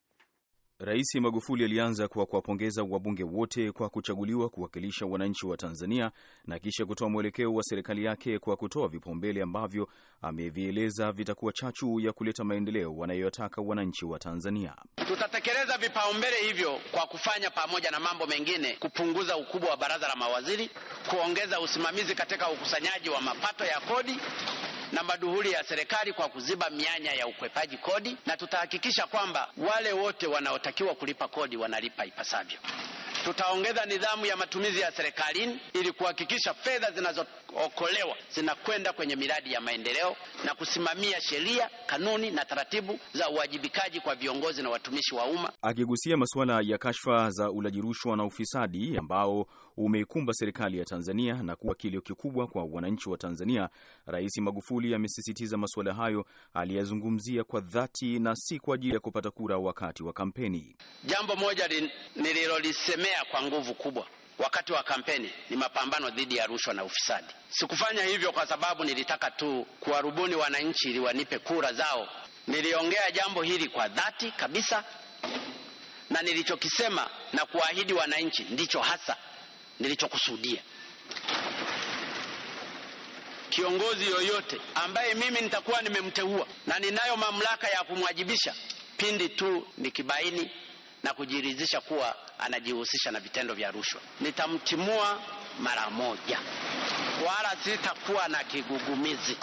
Rais Magufuli alianza kwa kuwapongeza wabunge wote kwa kuchaguliwa kuwakilisha wananchi wa Tanzania na kisha kutoa mwelekeo wa serikali yake kwa kutoa vipaumbele ambavyo amevieleza vitakuwa chachu ya kuleta maendeleo wanayoyataka wananchi wa Tanzania. Tutatekeleza vipaumbele hivyo kwa kufanya pamoja na mambo mengine, kupunguza ukubwa wa baraza la mawaziri, kuongeza usimamizi katika ukusanyaji wa mapato ya kodi na maduhuli ya serikali kwa kuziba mianya ya ukwepaji kodi, na tutahakikisha kwamba wale wote wanaotakiwa kulipa kodi wanalipa ipasavyo. Tutaongeza nidhamu ya matumizi ya serikalini ili kuhakikisha fedha zinazookolewa zinakwenda kwenye miradi ya maendeleo na kusimamia sheria, kanuni na taratibu za uwajibikaji kwa viongozi na watumishi wa umma. Akigusia masuala ya kashfa za ulaji rushwa na ufisadi ambao umeikumba serikali ya Tanzania na kuwa kilio kikubwa kwa wananchi wa Tanzania. Rais Magufuli amesisitiza masuala hayo aliyazungumzia kwa dhati na si kwa ajili ya kupata kura wakati wa kampeni. Jambo moja nililolisemea kwa nguvu kubwa wakati wa kampeni ni mapambano dhidi ya rushwa na ufisadi. Sikufanya hivyo kwa sababu nilitaka tu kuwarubuni wananchi ili wanipe kura zao. Niliongea jambo hili kwa dhati kabisa, na nilichokisema na kuahidi wananchi ndicho hasa nilichokusudia. Kiongozi yoyote ambaye mimi nitakuwa nimemteua na ninayo mamlaka ya kumwajibisha pindi tu nikibaini na kujiridhisha kuwa anajihusisha na vitendo vya rushwa, nitamtimua mara moja, wala sitakuwa na kigugumizi.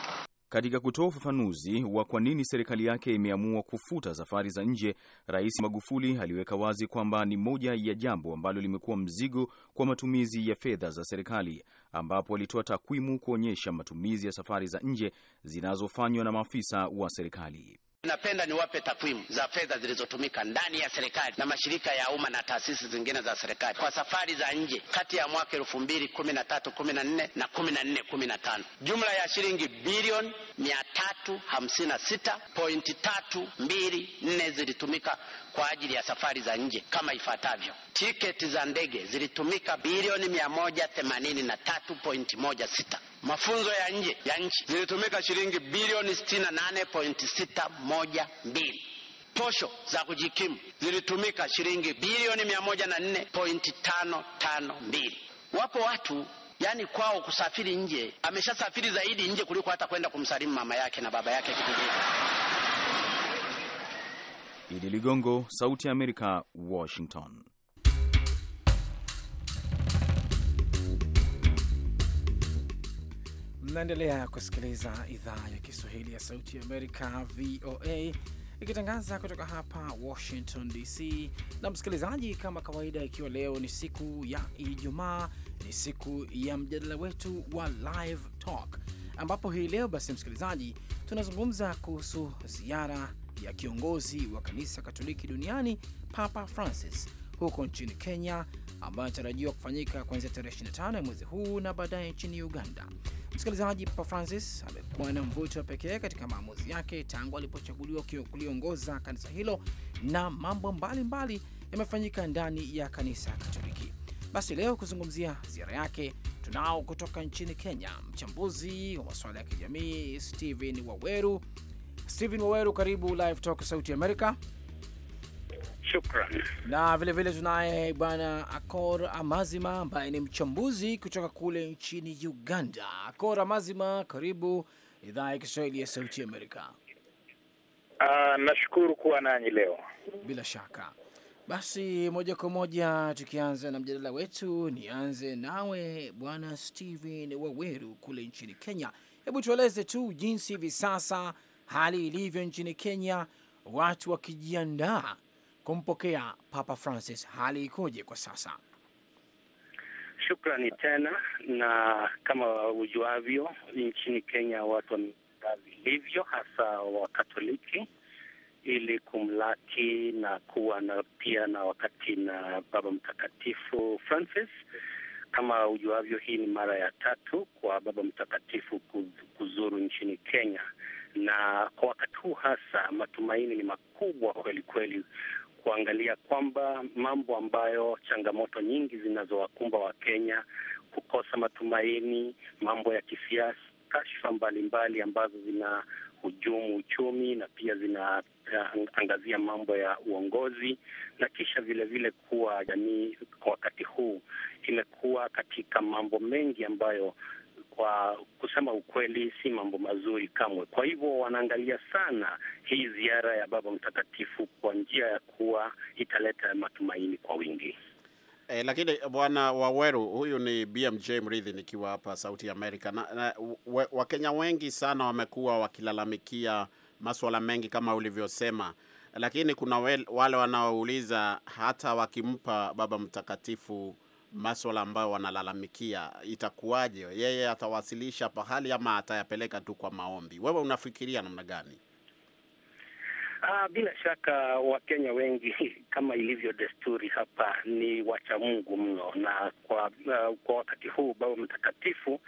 Katika kutoa ufafanuzi wa kwa nini serikali yake imeamua kufuta safari za nje, Rais Magufuli aliweka wazi kwamba ni moja ya jambo ambalo limekuwa mzigo kwa matumizi ya fedha za serikali, ambapo alitoa takwimu kuonyesha matumizi ya safari za nje zinazofanywa na maafisa wa serikali. Napenda niwape takwimu za fedha zilizotumika ndani ya serikali na mashirika ya umma na taasisi zingine za serikali kwa safari za nje kati ya mwaka elfu mbili kumi na tatu kumi na nne na kumi na nne kumi na tano jumla ya shilingi bilioni mia tatu hamsini na sita pointi tatu mbili nne zilitumika kwa ajili ya safari za nje kama ifuatavyo. Tiketi za ndege zilitumika bilioni sita. Mafunzo ya nje ya nchi zilitumika shilingi bilioni mbili. Posho za kujikimu zilitumika shilingi bilioni mbili. Wapo watu yani kwao kusafiri nje, ameshasafiri zaidi nje kuliko hata kwenda kumsalimu mama yake na baba yake kijijini. Idi Ligongo, Sauti ya Amerika, Washington. Mnaendelea kusikiliza idhaa ya Kiswahili ya Sauti ya Amerika, VOA, ikitangaza kutoka hapa Washington DC. Na msikilizaji, kama kawaida, ikiwa leo ni siku ya Ijumaa, ni siku ya mjadala wetu wa Live Talk, ambapo hii leo basi, msikilizaji, tunazungumza kuhusu ziara ya kiongozi wa kanisa Katoliki duniani Papa Francis huko nchini Kenya, ambayo anatarajiwa kufanyika kuanzia tarehe 25 ya mwezi huu na baadaye nchini Uganda. Msikilizaji, Papa Francis amekuwa na mvuto wa pekee katika maamuzi yake tangu alipochaguliwa kuliongoza kanisa hilo, na mambo mbalimbali yamefanyika ndani ya kanisa Katoliki. Basi leo kuzungumzia ziara yake tunao kutoka nchini Kenya mchambuzi wa masuala ya kijamii Stephen Waweru Stephen Waweru, karibu Live Talk Sauti America. Shukran. Na vilevile tunaye bwana Akor Amazima ambaye ni mchambuzi kutoka kule nchini Uganda. Akor Amazima, karibu idhaa ya Kiswahili ya Sauti Amerika. Uh, nashukuru kuwa nanyi leo. Bila shaka basi, moja kwa moja tukianza na mjadala wetu, nianze nawe bwana Steven Waweru kule nchini Kenya. Hebu tueleze tu jinsi hivi sasa hali ilivyo nchini Kenya, watu wakijiandaa kumpokea Papa Francis. Hali ikoje kwa sasa? Shukrani tena, na kama ujuavyo, nchini Kenya watu wamejiandaa vilivyo, hasa Wakatoliki ili kumlaki na kuwa na pia na wakati na Baba Mtakatifu Francis. Kama ujuavyo, hii ni mara ya tatu kwa Baba Mtakatifu kuzuru nchini Kenya na kwa wakati huu hasa matumaini ni makubwa kweli kweli kuangalia kwamba mambo ambayo changamoto nyingi zinazowakumba Wakenya, kukosa matumaini, mambo ya kisiasa, kashfa mbalimbali ambazo zina hujumu uchumi na pia zinaangazia uh, mambo ya uongozi na kisha vilevile kuwa jamii kwa wakati huu imekuwa katika mambo mengi ambayo kwa kusema ukweli, si mambo mazuri kamwe. Kwa hivyo wanaangalia sana hii ziara ya Baba Mtakatifu kwa njia ya kuwa italeta matumaini kwa wingi. E, lakini eh, Bwana Waweru, huyu ni BMJ Mridhi nikiwa hapa Sauti ya Amerika na, na we, Wakenya wengi sana wamekuwa wakilalamikia maswala mengi kama ulivyosema, lakini kuna wale wanaouliza hata wakimpa Baba Mtakatifu maswala ambayo wanalalamikia, itakuwaje? Yeye atawasilisha pahali ama atayapeleka tu kwa maombi? Wewe unafikiria namna gani? Ah, bila shaka Wakenya wengi kama ilivyo desturi hapa ni wachamungu mno, na kwa uh, kwa wakati huu Baba Mtakatifu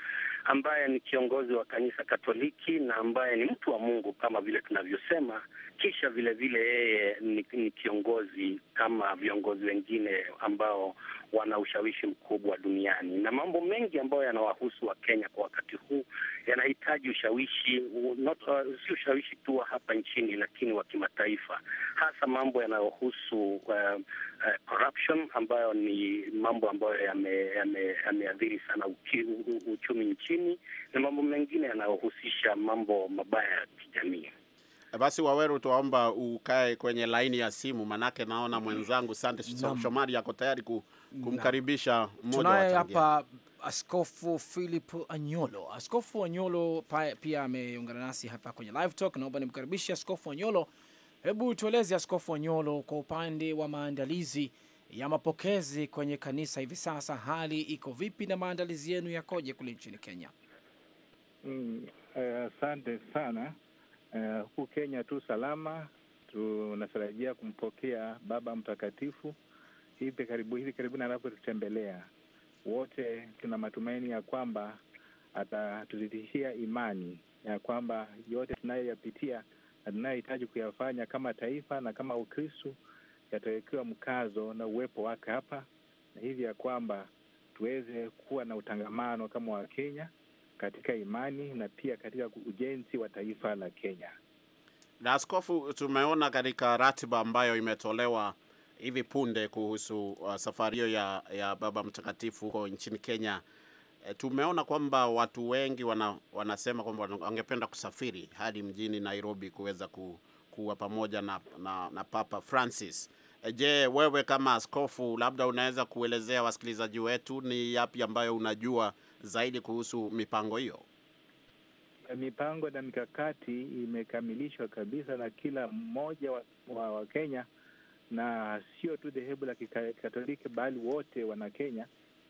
ambaye ni kiongozi wa kanisa Katoliki na ambaye ni mtu wa Mungu kama vile tunavyosema. Kisha vilevile yeye ni, ni kiongozi kama viongozi wengine ambao wana ushawishi mkubwa duniani, na mambo mengi ambayo yanawahusu Wakenya kwa wakati huu yanahitaji ushawishi not, uh, si ushawishi tu wa hapa nchini, lakini wa kimataifa, hasa mambo yanayohusu uh, uh, corruption ambayo ni mambo ambayo yameathiri yame sana uki, u, u, uchumi nchini na mambo mengine yanayohusisha mambo mabaya ya kijamii. Eh, basi Waweru, tuwaomba ukae kwenye laini ya simu, manake naona mwenzangu Sande Shomari yako tayari kumkaribisha mmoja hapa Askofu Philip Anyolo. Askofu Anyolo pia ameungana nasi hapa kwenye live talk. Naomba nimkaribishe Askofu Anyolo Hebu tueleze Askofu Wanyolo, kwa upande wa maandalizi ya mapokezi kwenye kanisa hivi sasa, hali iko vipi na maandalizi yenu yakoje kule nchini Kenya? Mm, eh, asante mm, uh, sana eh, huku uh, Kenya tu salama. Tunatarajia kumpokea Baba Mtakatifu hivi karibu hivi karibuni anapotutembelea wote. Tuna matumaini ya kwamba atatuzidishia imani ya kwamba yote tunayoyapitia na kuyafanya kama taifa na kama Ukristu yatawekewa mkazo na uwepo wake hapa, na hivi ya kwamba tuweze kuwa na utangamano kama Wakenya katika imani na pia katika ujenzi wa taifa la Kenya. Na askofu, tumeona katika ratiba ambayo imetolewa hivi punde kuhusu uh, safari hiyo ya, ya Baba Mtakatifu huko nchini Kenya e, tumeona kwamba watu wengi wana, wanasema kwamba wangependa kusafiri hadi mjini Nairobi kuweza ku, kuwa pamoja na, na, na Papa Francis. Eh, je, wewe kama askofu labda unaweza kuelezea wasikilizaji wetu ni yapi ambayo unajua zaidi kuhusu mipango hiyo? Eh, mipango na mikakati imekamilishwa kabisa na kila mmoja wa, wa, wa Kenya na sio tu dhehebu la Kikatoliki bali wote wana Kenya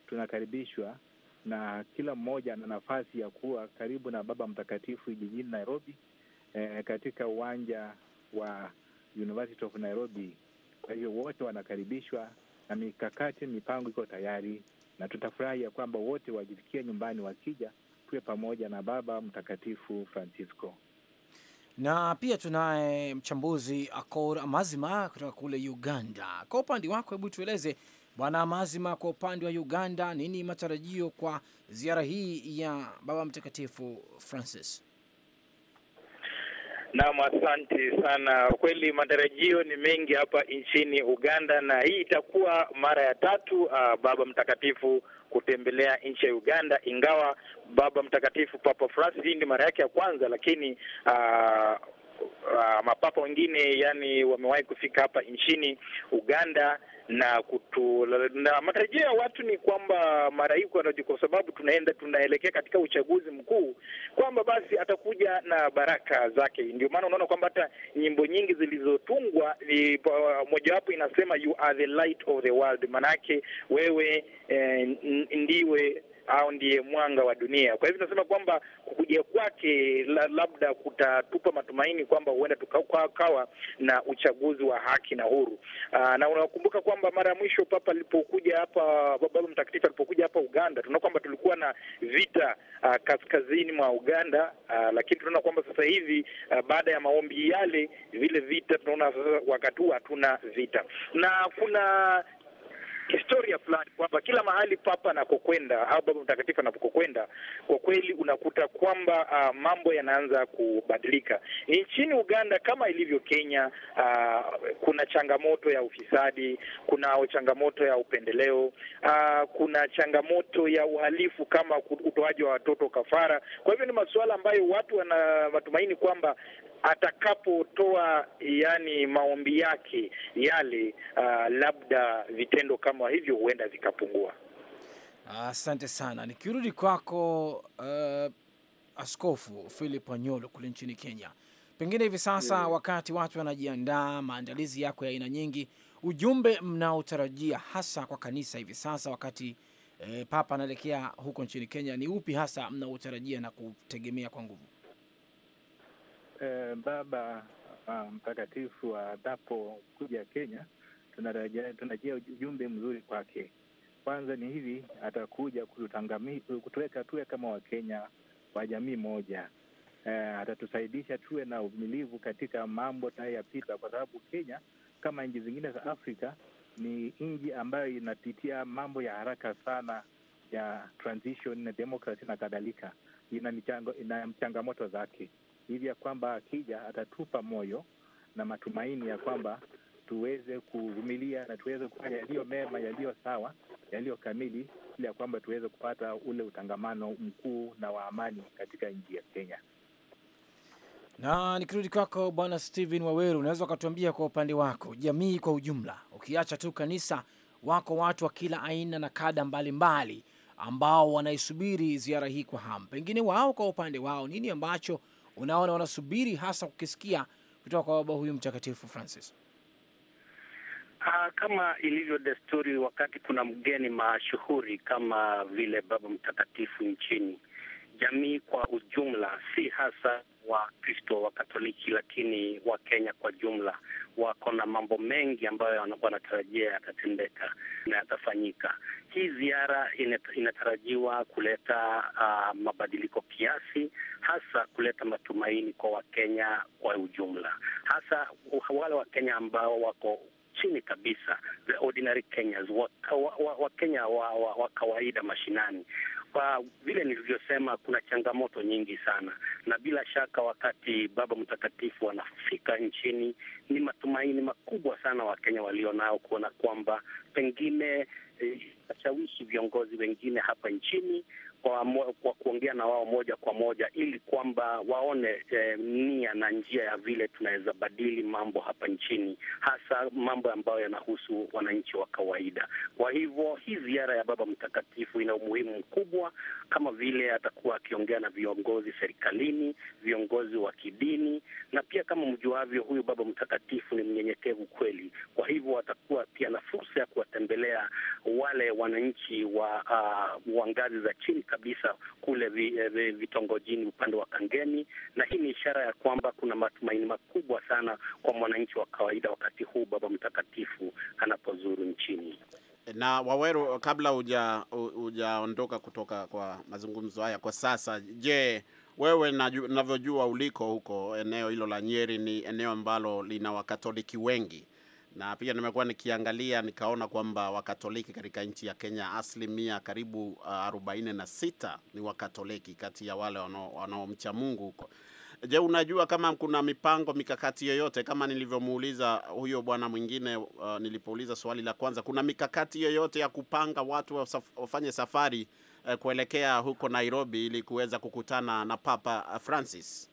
tunakaribishwa na kila mmoja ana nafasi ya kuwa karibu na Baba Mtakatifu jijini Nairobi, eh, katika uwanja wa University of Nairobi. Kwa hiyo wote wanakaribishwa na mikakati, mipango iko tayari, na tutafurahi ya kwamba wote wajifikia nyumbani wakija, tuwe pamoja na Baba Mtakatifu Francisco na pia tunaye mchambuzi Akor Amazima kutoka kule Uganda. Kwa upande wako, hebu tueleze Bwana mazima kwa upande wa Uganda, nini matarajio kwa ziara hii ya Baba Mtakatifu Francis? Naam, asante sana. Kweli matarajio ni mengi hapa nchini Uganda, na hii itakuwa mara ya tatu uh, Baba Mtakatifu kutembelea nchi ya Uganda, ingawa Baba Mtakatifu Papa Francis hii ni mara yake ya kwanza, lakini uh, uh, mapapa wengine yani wamewahi kufika hapa nchini Uganda na kutu, na matarajio ya watu ni kwamba mara hii kwa sababu tunaenda tunaelekea katika uchaguzi mkuu, kwamba basi atakuja na baraka zake. Ndio maana unaona kwamba hata nyimbo nyingi zilizotungwa mojawapo inasema you are the light of the world, manake wewe eh, ndiwe au ndiye mwanga wa dunia. Kwa hivyo tunasema kwamba kukuja kwake la, labda kutatupa matumaini kwamba huenda tukakawa na uchaguzi wa haki na huru. Aa, ah, na unakumbuka kwamba mara ya mwisho Papa alipokuja hapa, Baba Mtakatifu alipokuja hapa Uganda, tunaona kwamba tulikuwa na vita aa, ah, kaskazini mwa Uganda aa, ah, lakini tunaona kwamba sasa hivi aa, baada ya maombi yale vile vita tunaona sasa wakati huu hatuna vita na kuna historia fulani kwamba kila mahali papa anakokwenda au baba mtakatifu anapokokwenda kwa kweli unakuta kwamba uh, mambo yanaanza kubadilika nchini Uganda kama ilivyo Kenya. Uh, kuna changamoto ya ufisadi, kuna changamoto ya upendeleo, uh, kuna changamoto ya uhalifu kama utoaji wa watoto kafara. Kwa hivyo ni masuala ambayo watu wana matumaini kwamba atakapotoa yani maombi yake yale, uh, labda vitendo kama hivyo huenda vikapungua. Asante sana. Nikirudi kwako, uh, Askofu Philip Anyolo kule nchini Kenya, pengine hivi sasa yeah, mm. wakati watu wanajiandaa, maandalizi yako ya aina nyingi, ujumbe mnaotarajia hasa kwa kanisa hivi sasa wakati eh, Papa anaelekea huko nchini Kenya ni upi hasa mnaotarajia na kutegemea kwa nguvu? eh, Baba uh, Mtakatifu adapo kuja Kenya, tunajia ujumbe mzuri kwake. Kwanza ni hivi, atakuja kutuweka tuwe kama Wakenya wa jamii moja. Eh, atatusaidisha tuwe na uvumilivu katika mambo tunayoyapita, kwa sababu Kenya kama nchi zingine za Afrika ni nchi ambayo inapitia mambo ya haraka sana ya transition na democracy na kadhalika, ina changamoto zake hivi ya kwamba akija atatupa moyo na matumaini ya kwamba tuweze kuvumilia na tuweze kufanya yaliyo mema, yaliyo sawa, yaliyo kamili, ili ya kwamba tuweze kupata ule utangamano mkuu na wa amani katika nchi ya Kenya. Na nikirudi kwako Bwana Steven Waweru, unaweza ukatuambia kwa upande wako, jamii kwa ujumla, ukiacha tu kanisa, wako watu wa kila aina na kada mbalimbali ambao wanaisubiri ziara hii kwa hamu. Pengine wao kwa upande wao, nini ambacho unaona wanasubiri hasa kukisikia kutoka kwa baba huyu mtakatifu Francis? Aa, ah, kama ilivyo desturi, wakati kuna mgeni mashuhuri kama vile baba mtakatifu nchini, jamii kwa ujumla, si hasa Wakristo wa Katoliki, lakini wa Kenya kwa jumla wako na mambo mengi ambayo wanatarajia yatatendeka na yatafanyika. Hii ziara inatarajiwa kuleta uh, mabadiliko kiasi, hasa kuleta matumaini kwa Wakenya kwa ujumla, hasa wale Wakenya ambao wako chini kabisa, the ordinary Kenyans, wa, wa, wa, wa kawaida mashinani kwa vile nilivyosema, kuna changamoto nyingi sana, na bila shaka wakati Baba Mtakatifu anafika nchini, ni matumaini makubwa sana Wakenya walio nao kuona kwamba pengine washawishi eh, viongozi wengine hapa nchini kwa, kwa kuongea na wao moja kwa moja ili kwamba waone eh, nia na njia ya vile tunaweza badili mambo hapa nchini, hasa mambo ambayo yanahusu wananchi wa kawaida. Kwa hivyo hii ziara ya Baba Mtakatifu ina umuhimu mkubwa, kama vile atakuwa akiongea na viongozi serikalini, viongozi wa kidini, na pia kama mjuavyo, huyu Baba Mtakatifu ni mnyenyekevu kweli. Kwa hivyo atakuwa pia na fursa ya kuwatembelea wale wananchi wa, uh, wa ngazi za chini kabisa kule eh, vitongojini upande wa kangeni na hii ni ishara ya kwamba kuna matumaini makubwa sana kwa mwananchi wa kawaida wakati huu Baba Mtakatifu anapozuru nchini. Na Waweru, kabla uja hujaondoka kutoka kwa mazungumzo haya kwa sasa, je, wewe navyojua uliko huko eneo hilo la Nyeri, ni eneo ambalo lina Wakatoliki wengi na pia nimekuwa nikiangalia nikaona kwamba Wakatoliki katika nchi ya Kenya asilimia karibu ah, arobaini na sita ni Wakatoliki kati ya wale wanaomcha Mungu huko. Je, unajua kama kuna mipango mikakati yoyote kama nilivyomuuliza huyo bwana mwingine uh, ah, nilipouliza swali la kwanza, kuna mikakati yoyote ya kupanga watu wafanye safari uh, kuelekea huko Nairobi ili kuweza kukutana na Papa Francis?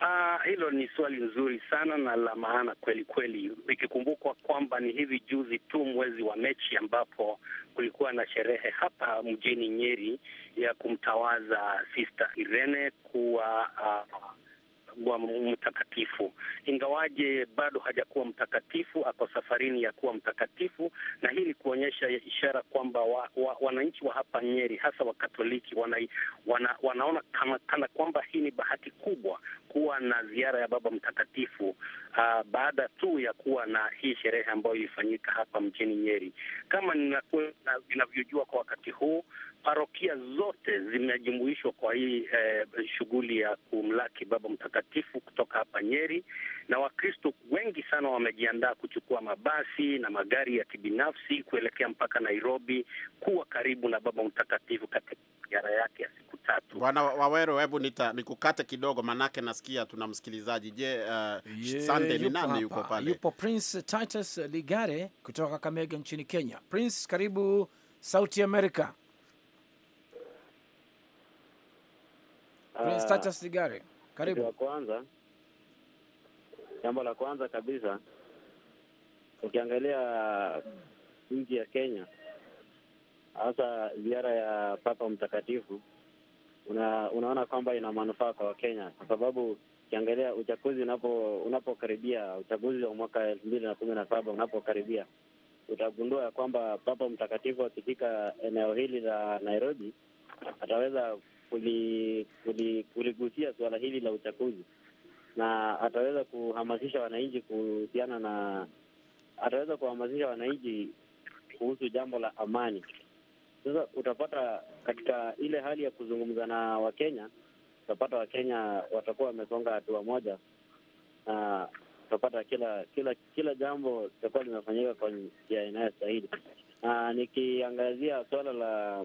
Uh, hilo ni swali nzuri sana na la maana kweli kweli, ikikumbukwa kwamba ni hivi juzi tu mwezi wa Mechi ambapo kulikuwa na sherehe hapa mjini Nyeri ya kumtawaza Sister Irene kuwa uh, wa mtakatifu, ingawaje bado hajakuwa mtakatifu, ako safarini ya kuwa mtakatifu, na hii ni kuonyesha ishara kwamba wa, wa, wananchi wa hapa Nyeri hasa Wakatoliki wana, wana, wanaona kana, kana kwamba hii ni bahati kubwa kuwa na ziara ya Baba Mtakatifu uh, baada tu ya kuwa na hii sherehe ambayo ilifanyika hapa mjini Nyeri. Kama ninavyojua kwa wakati huu parokia zote zimejumuishwa kwa hii eh, shughuli ya kumlaki Baba Mtakatifu Mtakatifu kutoka hapa Nyeri, na Wakristo wengi sana wamejiandaa kuchukua mabasi na magari ya kibinafsi kuelekea mpaka Nairobi kuwa karibu na Baba Mtakatifu katika ziara yake ya siku tatu. Bwana Wawero, hebu nita nikukate kidogo, manake nasikia tuna msikilizaji. Je, uh, yeah, Sande ni nani yuko pale? Yupo Prince Titus Ligare kutoka Kamega nchini Kenya. Prince, karibu Sauti America. Ah. Prince Titus Ligare. Karibu. Ya kwanza, jambo la kwanza kabisa, ukiangalia nchi ya Kenya, hasa ziara ya Papa Mtakatifu, una, unaona kwamba ina manufaa kwa Wakenya kwa sababu ukiangalia uchaguzi unapo unapokaribia uchaguzi wa mwaka elfu mbili na kumi na saba unapokaribia utagundua ya kwamba Papa Mtakatifu akifika eneo hili la Nairobi ataweza kuligusia suala hili la uchaguzi na ataweza kuhamasisha wananchi kuhusiana na ataweza kuhamasisha wananchi kuhusu jambo la amani. Sasa utapata katika ile hali ya kuzungumza na Wakenya, utapata Wakenya watakuwa wamesonga hatua moja, na utapata kila kila kila jambo litakuwa linafanyika kwa njia inayostahili. Na nikiangazia suala la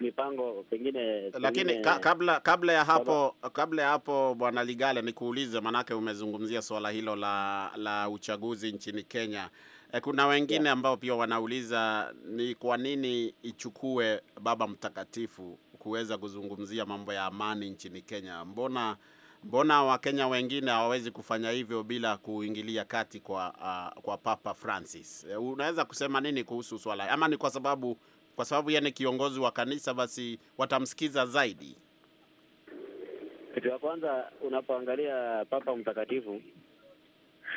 mipango pengine. Lakini ka, kabla kabla ya hapo kabla ya hapo Bwana Ligale, nikuulize, manake umezungumzia swala hilo la la uchaguzi nchini Kenya. E, kuna wengine ambao pia wanauliza ni kwa nini ichukue Baba Mtakatifu kuweza kuzungumzia mambo ya amani nchini Kenya? Mbona mbona Wakenya wengine hawawezi kufanya hivyo bila kuingilia kati kwa uh, kwa Papa Francis? E, unaweza kusema nini kuhusu swala, ama ni kwa sababu kwa sababu yeye ni kiongozi wa kanisa, basi watamsikiza zaidi. Kitu ya kwanza unapoangalia Papa Mtakatifu,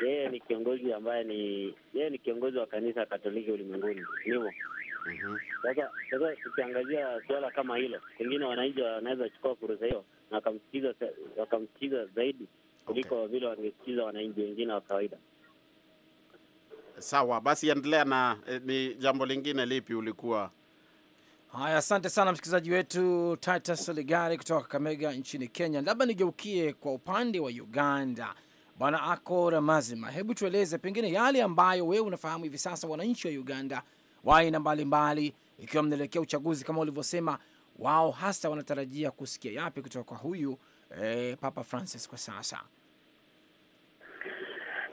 yeye ni kiongozi ambaye ni yeye ni kiongozi wa kanisa Katoliki ulimwenguni, ndivyo mhm. sasa. Sasa tukiangazia suala kama hilo, pengine wananchi wanaweza chukua fursa hiyo na wakamsikiza wakamsikiza zaidi kuliko okay, vile wangesikiza wananchi wengine wa kawaida. Sawa, basi endelea na eh, ni jambo lingine lipi ulikuwa Haya, asante sana msikilizaji wetu Titus Ligari kutoka Kamega nchini Kenya. Labda nigeukie kwa upande wa Uganda, Bwana Ako Ramazima, hebu tueleze pengine yale ambayo wewe unafahamu hivi sasa, wananchi wa Uganda wa aina mbalimbali, ikiwa mnaelekea uchaguzi kama ulivyosema, wao hasa wanatarajia kusikia yapi kutoka kwa huyu eh, Papa Francis kwa sasa?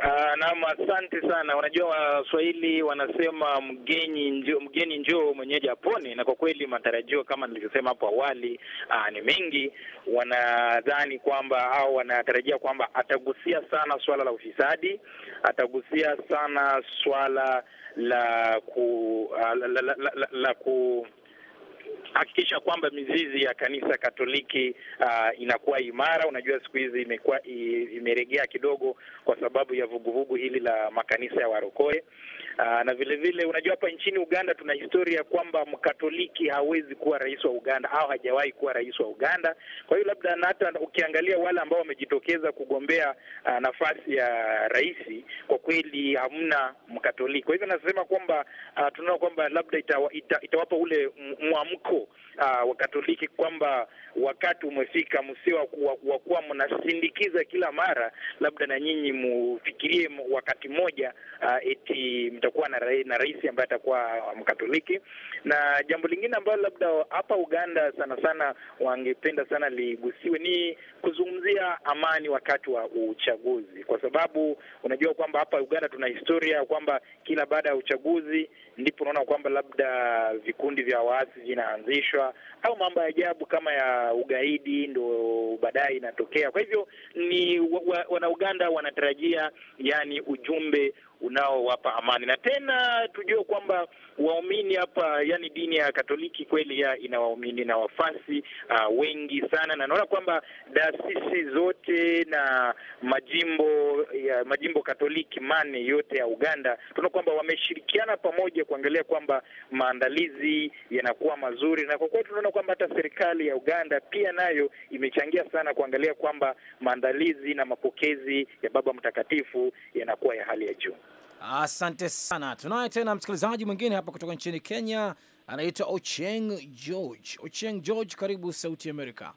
Uh, naam, asante sana. Unajua Waswahili wanasema mgeni njoo, mgeni njoo mwenyeji apone, na kwa kweli matarajio kama nilivyosema hapo awali uh, ni mengi. Wanadhani kwamba au wanatarajia kwamba atagusia sana swala la ufisadi, atagusia sana swala la ku, uh, la, la, la, la, la, la ku hakikisha kwamba mizizi ya kanisa Katoliki uh, inakuwa imara. Unajua siku hizi imekuwa imeregea kidogo kwa sababu ya vuguvugu hili la makanisa ya warokore uh, na vile vile unajua hapa nchini Uganda tuna historia kwamba mkatoliki hawezi kuwa rais wa Uganda au hajawahi kuwa rais wa Uganda. Kwa hiyo labda hata ukiangalia wale ambao wamejitokeza kugombea uh, nafasi ya rais, kwa kweli hamna mkatoliki. Kwa hivyo nasema kwamba uh, tunaona kwamba labda itawa, ita, itawapa ule mwamko school uh, Wakatoliki kwamba wakati umefika msiwa kuwa kuwa mnasindikiza kila mara, labda na nyinyi mufikirie wakati mmoja uh, eti mtakuwa na, na rais ambaye atakuwa uh, Mkatoliki. Na jambo lingine ambalo labda hapa Uganda sana sana wangependa sana ligusiwe ni kuzungumzia amani wakati wa uchaguzi, kwa sababu unajua kwamba hapa Uganda tuna historia ya kwamba kila baada ya uchaguzi ndipo unaona kwamba labda vikundi vya waasi vinaanzishwa kujificha au mambo ya ajabu kama ya ugaidi ndo baadaye inatokea. Kwa hivyo ni wa, wa, Wanauganda wanatarajia yani ujumbe unaowapa amani. Na tena tujue kwamba waumini hapa, yani dini ya Katoliki kweli ya ina waumini na wafasi uh, wengi sana, na naona kwamba taasisi zote na majimbo ya majimbo Katoliki mane yote ya Uganda, tunaona kwamba wameshirikiana pamoja kuangalia kwamba maandalizi yanakuwa mazuri, na kwa kweli tunaona kwamba hata serikali ya Uganda pia nayo imechangia sana kuangalia kwamba maandalizi na mapokezi ya Baba Mtakatifu yanakuwa ya hali ya juu. Asante sana. Tunaye tena msikilizaji mwingine hapa kutoka nchini Kenya, anaitwa Ocheng George. Ocheng George, karibu Sauti Amerika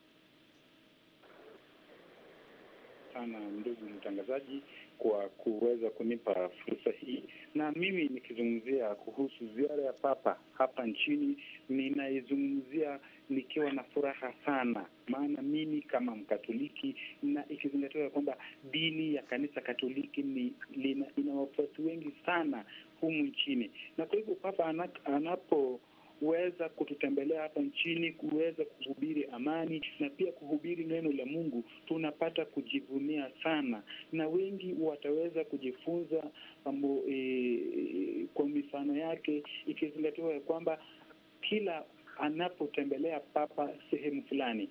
sana ndugu mtangazaji kwa kuweza kunipa fursa hii, na mimi nikizungumzia kuhusu ziara ya Papa hapa nchini, ninaizungumzia nikiwa na furaha sana, maana mimi kama Mkatoliki, na ikizingatiwa ya kwamba dini ya kanisa Katoliki ni ina wafuasi wengi sana humu nchini, na kwa hivyo Papa anapo kuweza kututembelea hapa nchini, kuweza kuhubiri amani na pia kuhubiri neno la Mungu, tunapata kujivunia sana, na wengi wataweza kujifunza mambo e, kwa mifano yake, ikizingatiwa ya kwamba kila anapotembelea papa sehemu fulani,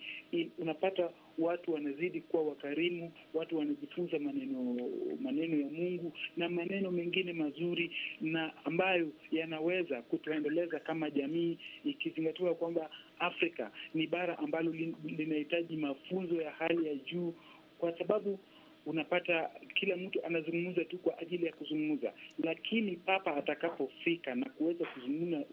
unapata watu wanazidi kuwa wakarimu, watu wanajifunza maneno maneno ya Mungu na maneno mengine mazuri na ambayo yanaweza kutuendeleza kama jamii, ikizingatiwa kwamba Afrika ni bara ambalo linahitaji mafunzo ya hali ya juu kwa sababu unapata kila mtu anazungumza tu kwa ajili ya kuzungumza, lakini papa atakapofika na kuweza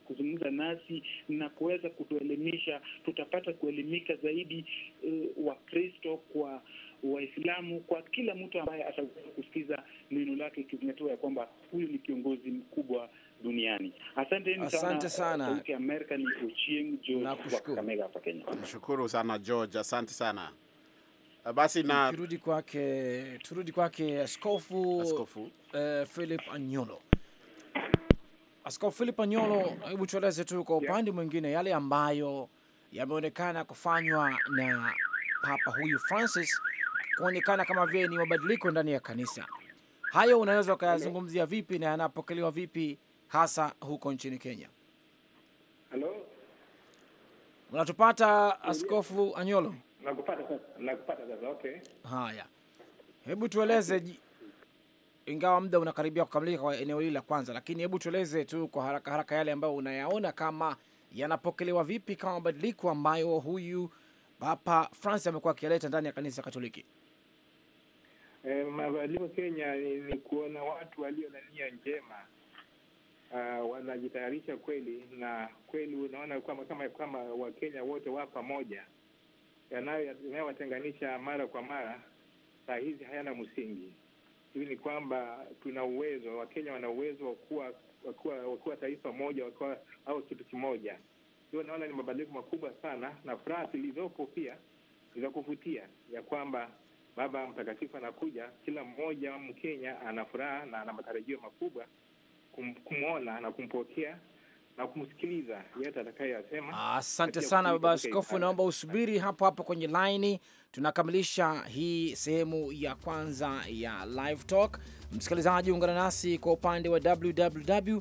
kuzungumza nasi na kuweza kutuelimisha, tutapata kuelimika zaidi e, eh, Wakristo kwa Waislamu, kwa kila mtu ambaye ataweza kusikiza neno lake, ikizingatiwa ya kwamba huyu ni kiongozi mkubwa duniani. Asante, asante sana. Sauti ya Amerika ni Ochieng George wa Kakamega hapa Kenya. Nashukuru sana George, asante sana. Eh, basi na turudi kwake, turudi kwake Askofu, Askofu. eh, Philip Anyolo. Askofu Philip Anyolo, hebu tueleze tu kwa upande mwingine yale ambayo yameonekana kufanywa na Papa huyu Francis kuonekana kama vile ni mabadiliko ndani ya kanisa. Hayo unaweza ukayazungumzia vipi na yanapokelewa vipi hasa huko nchini Kenya? Hello? Unatupata Askofu Anyolo? nakupata sasa, nakupata sasa. Okay, haya, hebu tueleze ingawa muda unakaribia kukamilika kwa eneo hili la kwanza, lakini hebu tueleze tu kwa haraka haraka yale ambayo unayaona kama yanapokelewa vipi kama mabadiliko ambayo huyu Papa Francis amekuwa akialeta ndani ya kanisa Katoliki. E, mabadiliko Kenya ni, ni kuona watu walio na nia njema uh, wanajitayarisha kweli na kweli, unaona kama kama kwamba Wakenya wote wa pamoja yanayowatenganisha mara kwa mara saa hizi hayana msingi. Hii ni kwamba tuna uwezo, Wakenya wana uwezo wa kuwa taifa moja wakuwa, au kitu kimoja. Hiyo naona ni mabadiliko makubwa sana, na furaha zilizopo pia ni za kuvutia ya kwamba Baba Mtakatifu anakuja, kila mmoja Mkenya ana furaha na ana matarajio makubwa kumwona na kumpokea na kumsikiliza yeyote atakayeyasema. Ah, asante sana baba askofu, naomba usubiri hapo hapo kwenye laini. Tunakamilisha hii sehemu ya kwanza ya Live Talk. Msikilizaji, ungana nasi kwa upande wa www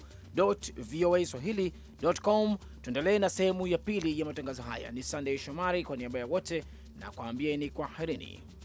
voa swahili.com. Tuendelee na sehemu ya pili ya matangazo haya. Ni Sandey Shomari kwa niaba ya wote na kuambia ni kwaherini.